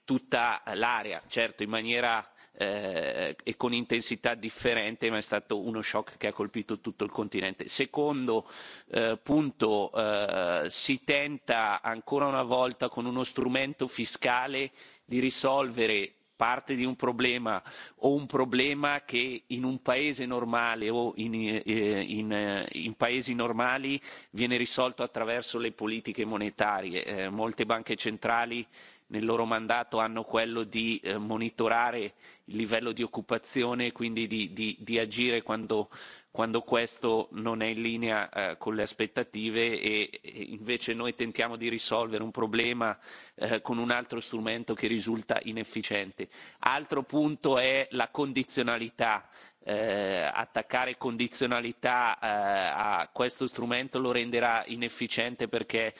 tutta l'area, certo in maniera eh, e con intensità differente, ma è stato uno shock che ha colpito tutto il continente. Secondo eh, punto, eh, si tenta ancora una volta con uno strumento fiscale di risolvere parte di un problema o un problema che in un paese normale o in, eh, in, eh, in paesi normali viene risolto attraverso le politiche monetarie. molte banche centrali nel loro mandato hanno quello di eh, monitorare il livello di occupazione e quindi di, di, di agire quando, quando questo non è in linea eh, con le aspettative e, e, invece noi tentiamo di risolvere un problema eh, con un altro strumento che risulta inefficiente. Altro punto è la condizionalità. Eh, attaccare condizionalità a questo strumento lo renderà inefficiente perché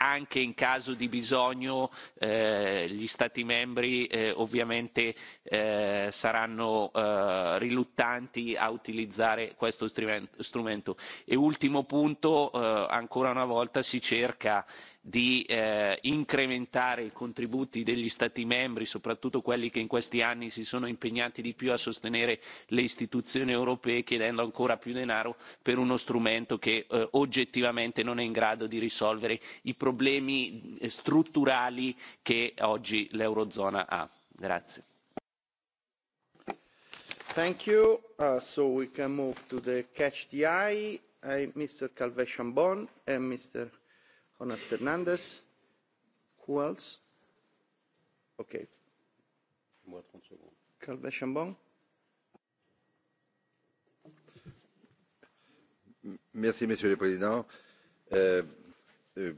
anche in caso di bisogno eh, gli stati membri eh, ovviamente eh, saranno riluttanti a utilizzare questo strumento e ultimo punto ancora una volta si cerca di eh, incrementare i contributi degli stati membri soprattutto quelli che in questi anni si sono impegnati di più a sostenere le istituzioni europee chiedendo ancora più denaro per uno strumento che eh, oggettivamente non è in grado di risolvere i problemi eh, strutturali che oggi l'eurozona ha grazie Thank you. Uh, so we can move to the catch the eye. Mr. Ambon and Mr. Jonas Fernandez. Who Okay. Merci, Monsieur le Président. Eh, eh,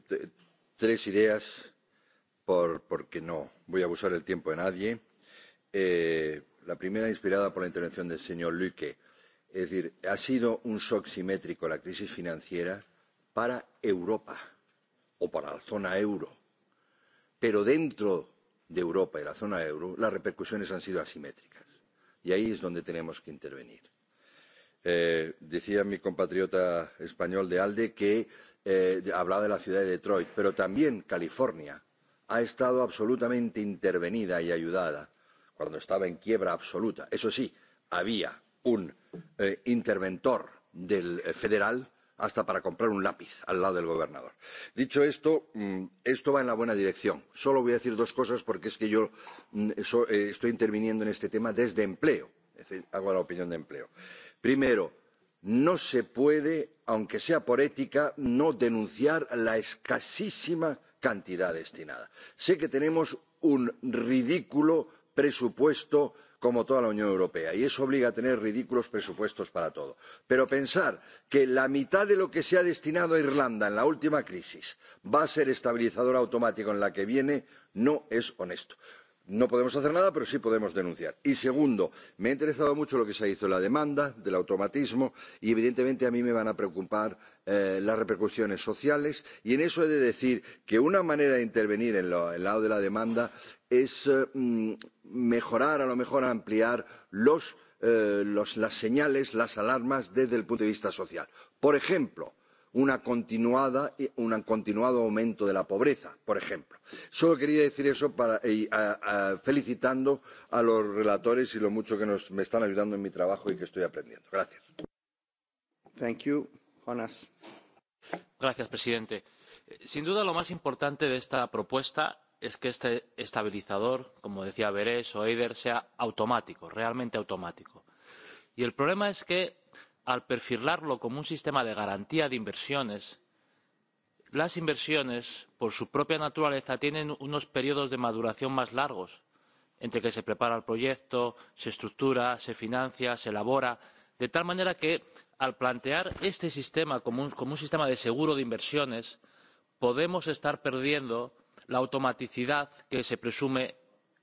tres ideas, por, porque no voy a abusar el tiempo de nadie. Eh, la primera, inspirada por la intervención del señor Luque. Es decir, ha sido un shock simétrico la crisis financiera para Europa o para la zona euro. Pero dentro de Europa y la zona euro las repercusiones han sido asimétricas y ahí es donde tenemos que intervenir. Eh, decía mi compatriota español de ALDE que eh, hablaba de la ciudad de Detroit, pero también California ha estado absolutamente intervenida y ayudada cuando estaba en quiebra absoluta. Eso sí, había un eh, interventor del eh, federal hasta para comprar un lápiz al lado del gobernador. Dicho esto, mm, esto va en la buena dirección. Solo voy a decir dos cosas porque es que yo mm, eh, estoy interviniendo en este tema desde empleo. Es decir, hago la opinión de empleo. Primero, no se puede, aunque sea por ética, no denunciar la escasísima cantidad destinada. Sé que tenemos un ridículo presupuesto como toda la unión europea y eso obliga a tener ridículos presupuestos para todo. pero pensar que la mitad de lo que se ha destinado a irlanda en la última crisis va a ser estabilizador automático en la que viene no es honesto no podemos hacer nada pero sí podemos denunciar. y segundo me ha interesado mucho lo que se ha dicho la demanda del automatismo y evidentemente a mí me van a preocupar eh, las repercusiones sociales y en eso he de decir que una manera de intervenir en, lo, en el lado de la demanda es eh, mm, mejorar a lo mejor ampliar los, eh, los, las señales las alarmas desde el punto de vista social. por ejemplo una continuada, eh, un continuado aumento de la pobreza, por ejemplo. Solo quería decir eso para, eh, felicitando a los relatores y lo mucho que nos, me están ayudando en mi trabajo y que estoy aprendiendo. Gracias. Thank you. Gracias, presidente. Eh, sin duda, lo más importante de esta propuesta es que este estabilizador, como decía Beres o Eider, sea automático, realmente automático. Y el problema es que al perfilarlo como un sistema de garantía de inversiones las inversiones por su propia naturaleza tienen unos periodos de maduración más largos entre que se prepara el proyecto se estructura se financia se elabora de tal manera que al plantear este sistema como un, como un sistema de seguro de inversiones podemos estar perdiendo la automaticidad que se presume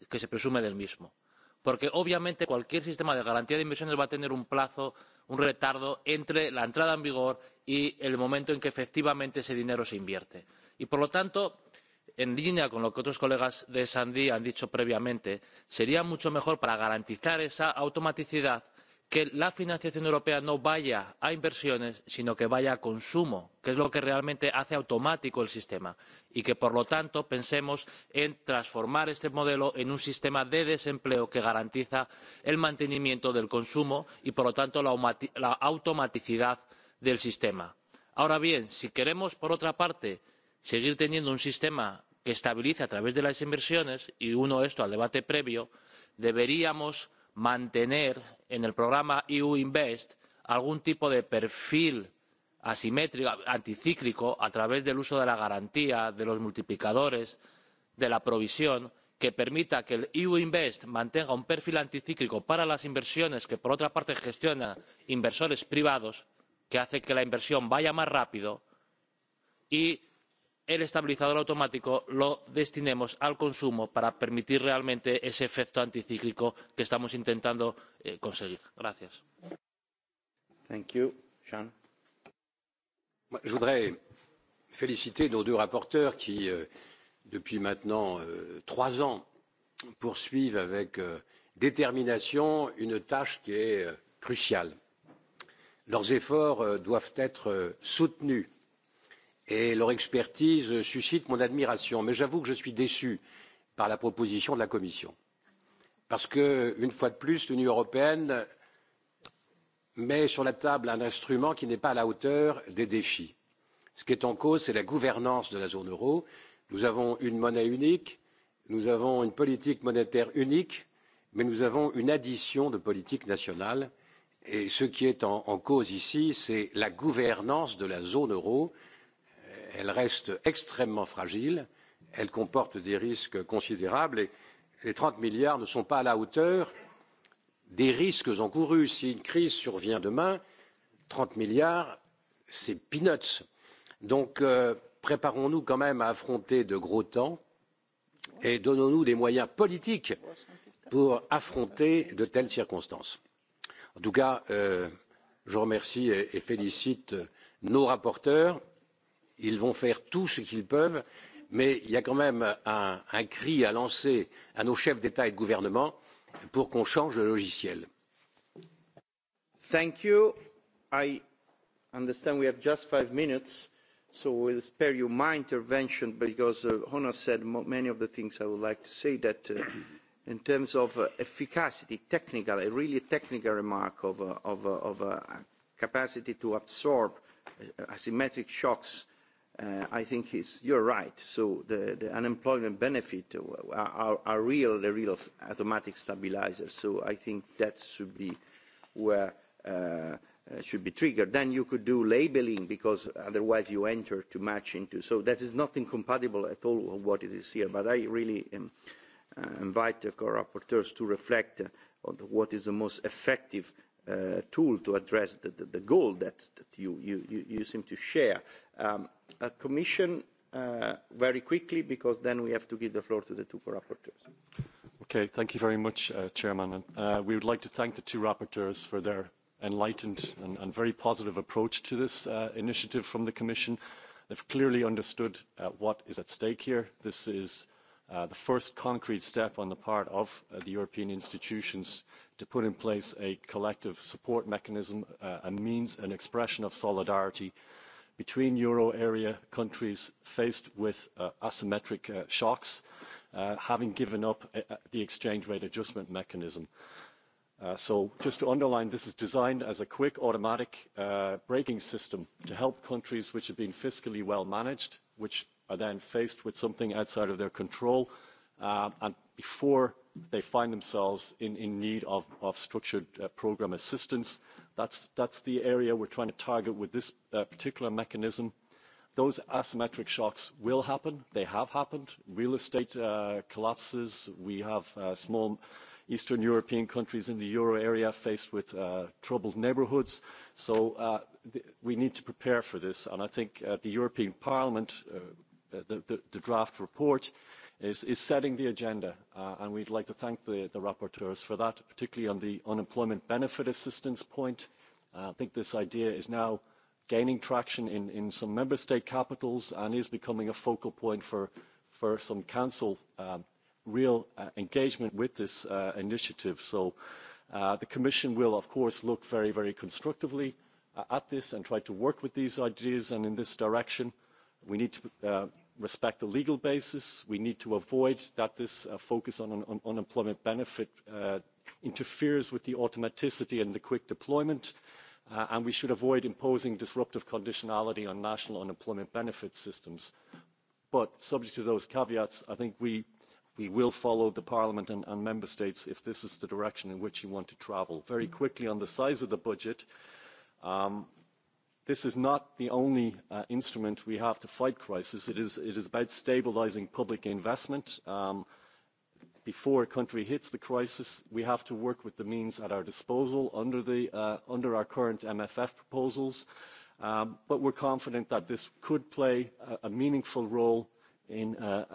que se presume del mismo porque obviamente cualquier sistema de garantía de inversiones va a tener un plazo un retardo entre la entrada en vigor y el momento en que efectivamente ese dinero se invierte. y por lo tanto en línea con lo que otros colegas de Sandy han dicho previamente sería mucho mejor para garantizar esa automaticidad que la financiación europea no vaya a inversiones, sino que vaya a consumo, que es lo que realmente hace automático el sistema, y que, por lo tanto, pensemos en transformar este modelo en un sistema de desempleo que garantiza el mantenimiento del consumo y, por lo tanto, la automaticidad del sistema. Ahora bien, si queremos, por otra parte, seguir teniendo un sistema que estabilice a través de las inversiones y uno esto al debate previo, deberíamos mantener en el programa EU Invest algún tipo de perfil asimétrico, anticíclico, a través del uso de la garantía, de los multiplicadores, de la provisión, que permita que el EU Invest mantenga un perfil anticíclico para las inversiones que, por otra parte, gestionan inversores privados, que hace que la inversión vaya más rápido y el estabilizador automático lo destinemos al consumo para permitir realmente ese efecto anticíclico que estamos intentando eh, conseguir. Gracias. Thank you. Je voudrais féliciter nos deux rapporteurs qui, euh, depuis maintenant euh, trois ans, poursuivent avec euh, détermination une tâche qui est cruciale. Leurs efforts doivent être soutenus et leur expertise suscite mon admiration mais j'avoue que je suis déçu par la proposition de la commission parce que une fois de plus l'union européenne met sur la table un instrument qui n'est pas à la hauteur des défis. ce qui est en cause c'est la gouvernance de la zone euro nous avons une monnaie unique nous avons une politique monétaire unique mais nous avons une addition de politiques nationales et ce qui est en, en cause ici c'est la gouvernance de la zone euro elle reste extrêmement fragile, elle comporte des risques considérables et les 30 milliards ne sont pas à la hauteur des risques encourus. Si une crise survient demain, 30 milliards, c'est peanuts. Donc, euh, préparons-nous quand même à affronter de gros temps et donnons-nous des moyens politiques pour affronter de telles circonstances. En tout cas, euh, je remercie et félicite nos rapporteurs ils vont faire tout ce qu'ils peuvent mais il y a quand même un, un cri à lancer à nos chefs d'état et de gouvernement pour qu'on change le logiciel. Thank you. I understand we have just five minutes, so we'll spare you my intervention because uh, Hona said many of the things I would like to say that uh, in terms of uh, efficacy, technical, a really technical remark of, uh, of, uh, of uh, capacity to absorb asymmetric shocks Uh, I think it's, you're right. So the, the unemployment benefit are, are, are real, the real automatic stabilizers. So I think that should be where uh, uh, should be triggered. Then you could do labeling because otherwise you enter too much into. So that is not incompatible at all with what it is here. But I really um, uh, invite the co-rapporteurs to reflect uh, on what is the most effective uh, tool to address the, the, goal that, that you, you, you seem to share Um, a commission uh, very quickly because then we have to give the floor to the two rapporteurs Okay, thank you very much, uh, Chairman. Uh, we would like to thank the two rapporteurs for their enlightened and, and very positive approach to this uh, initiative from the Commission. They've clearly understood uh, what is at stake here. This is uh, the first concrete step on the part of uh, the European institutions to put in place a collective support mechanism, uh, a means, an expression of solidarity between euro area countries faced with uh, asymmetric uh, shocks, uh, having given up the exchange rate adjustment mechanism. So just to underline, this is designed as a quick automatic braking system to help countries which have been fiscally well managed, which are then faced with something outside of their control, and before they find themselves in, need of, of structured program assistance, That's, that's the area we're trying to target with this uh, particular mechanism. Those asymmetric shocks will happen. They have happened. Real estate uh, collapses. We have uh, small Eastern European countries in the euro area faced with troubled neighbourhoods. So we need to prepare for this. And I think the European Parliament, the, the draft report, is, is setting the agenda. Uh, and we'd like to thank the, the rapporteurs for that, particularly on the unemployment benefit assistance point. Uh, I think this idea is now gaining traction in, in some member state capitals and is becoming a focal point for, for some council um, real uh, engagement with this uh, initiative. So the Commission will, of course, look very, very constructively at this and try to work with these ideas and in this direction. We need to respect the legal basis. We need to avoid that this uh, focus on, unemployment benefit uh, interferes with the automaticity and the quick deployment. Uh, and we should avoid imposing disruptive conditionality on national unemployment benefit systems. But subject to those caveats, I think we, we will follow the Parliament and, and Member States if this is the direction in which you want to travel. Very quickly on the size of the budget, um, this is not the only uh, instrument we have to fight crisis. It is, it is about stabilizing public investment. Um, before a country hits the crisis, we have to work with the means at our disposal under, the, uh, under our current MFF proposals. Um, but we're confident that this could play a, a meaningful role in uh,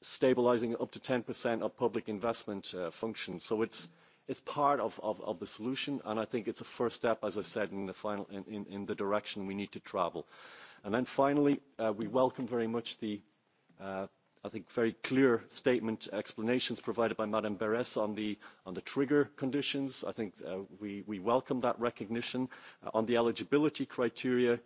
stabilising up to 10% of public investment uh, functions. So it's, is part of, of, of the solution, and I think it's a first step, as I said, in the, final, in, in, in the direction we need to travel. And then finally, uh, we welcome very much the, uh, I think, very clear statement explanations provided by Madame Beres on the, on the trigger conditions. I think uh, we, we welcome that recognition. Uh, on the eligibility criteria,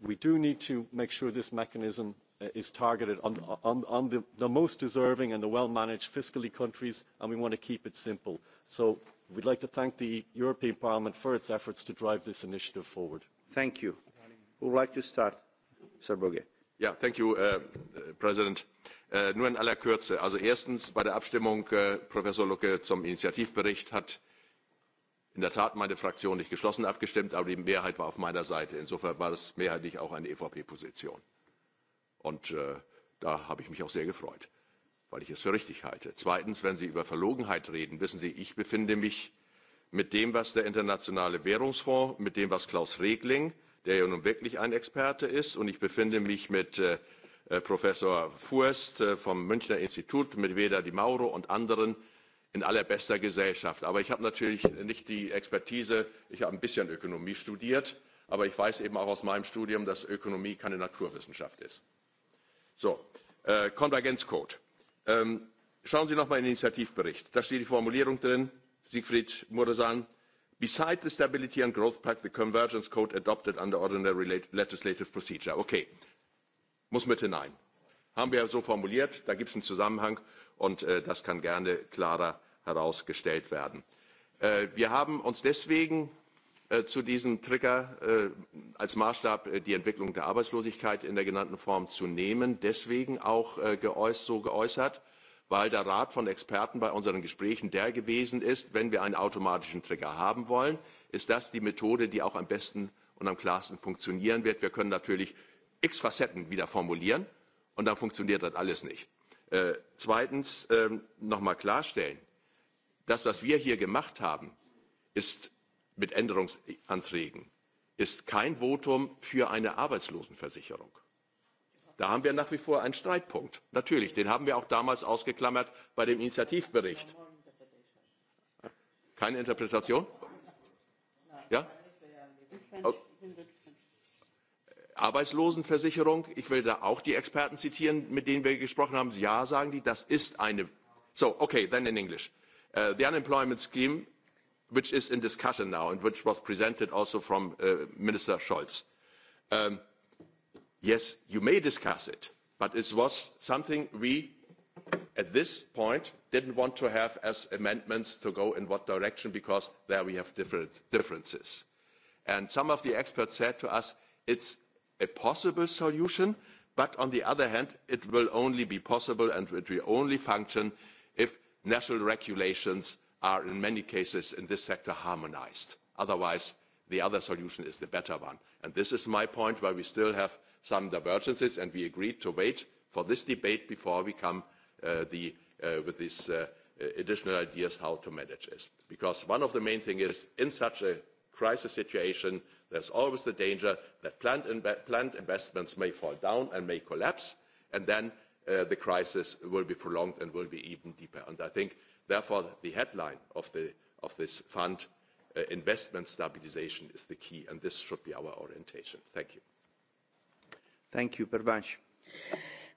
we do need to make sure this mechanism Uh, is targeted on, on, on the, the most deserving and the well-managed fiscally countries, and we want to keep it simple. So we'd like to thank the European Parliament for its efforts to drive this initiative forward. Thank you. Who would like to start? Sir Boge. Yeah, thank you, uh, uh President. Uh, nur in aller Kürze. Also erstens, bei der Abstimmung, äh, Professor Lucke, zum Initiativbericht hat in der Tat meine Fraktion nicht geschlossen abgestimmt, aber die Mehrheit war auf meiner Seite. Insofern war das mehrheitlich auch eine EVP-Position. Und äh, da habe ich mich auch sehr gefreut, weil ich es für richtig halte. Zweitens, wenn Sie über Verlogenheit reden, wissen Sie, ich befinde mich mit dem, was der Internationale Währungsfonds, mit dem, was Klaus Regling, der ja nun wirklich ein Experte ist, und ich befinde mich mit äh, äh Professor Furst äh, vom Münchner Institut, mit Weder Di Mauro und anderen in allerbester Gesellschaft. Aber ich habe natürlich nicht die Expertise, ich habe ein bisschen Ökonomie studiert, aber ich weiß eben auch aus meinem Studium, dass Ökonomie keine Naturwissenschaft ist. So, äh, Konvergenzcode. Ähm, schauen Sie noch mal in den Initiativbericht. Da steht die Formulierung drin, Siegfried Muresan. Beside the Stability and Growth Pact, the Convergence Code adopted under ordinary legislative procedure. Okay, muss mit hinein. Haben wir so formuliert, da gibt es einen Zusammenhang und äh, das kann gerne klarer herausgestellt werden. Äh, wir haben uns deswegen Äh, zu diesem Trigger äh, als Maßstab äh, die Entwicklung der Arbeitslosigkeit in der genannten Form zu nehmen, deswegen auch so geäußert, weil der Rat von Experten bei unseren Gesprächen der gewesen ist, wenn wir einen automatischen Trigger haben wollen, ist das die Methode, die auch am besten und am klarsten funktionieren wird. Wir können natürlich x Facetten wieder formulieren und dann funktioniert das alles nicht. zweitens ähm, noch mal klarstellen, das, was wir hier gemacht haben, ist mit änderungsanträgen ist kein votum für eine arbeitslosenversicherung. da haben wir nach wie vor einen streitpunkt natürlich den haben wir auch damals ausgeklammert bei dem initiativbericht. keine interpretation? ja? arbeitslosenversicherung ich will da auch die experten zitieren mit denen wir gesprochen haben ja sagen die das ist eine so okay then in english äh, the unemployment scheme which is in discussion now and which was presented also from uh, Minister Scholz. Um, yes, you may discuss it, but it was something we, at this point, didn't want to have as amendments to go in what direction because there we have different differences. And some of the experts said to us, it's a possible solution, but on the other hand, it will only be possible and it will only function if national regulations are in many cases in this sector harmonised. Otherwise, the other solution is the better one. And this is my point where we still have some divergences and we agreed to wait for this debate before we come uh, the, uh, with these uh, additional ideas how to manage this. Because one of the main things is in such a crisis situation, there's always the danger that plant planned investments may fall down and may collapse, and then the crisis will be prolonged and will be even deeper. And I think therefore the headline of, the, this fund uh, investment stabilisation is the key and this should be our orientation. thank you. Thank you,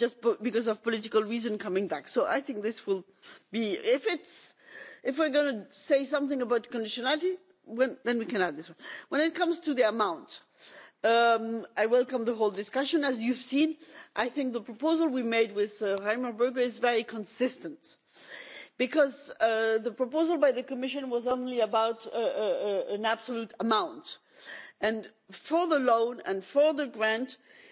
just because of political reason coming back. so i think this will be if it's if we're going to say something about conditionality then we can add this one. when it comes to the amount um, i welcome the whole discussion. as you've seen i think the proposal we made with Heimerberger uh, reimer bge is very consistent because uh, the proposal by the commission was only about uh, an absolute amount and for the loan and for the grant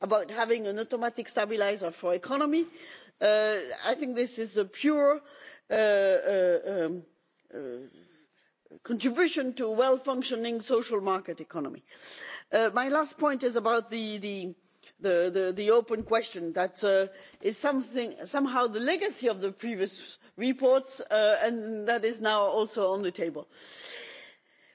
about having an automatic stabiliser for the economy uh, i think this is a pure uh, uh, um, contribution to a well functioning social market economy. my last point is about the, the The, the, open question that is something somehow the legacy of the previous reports and that is now also on the table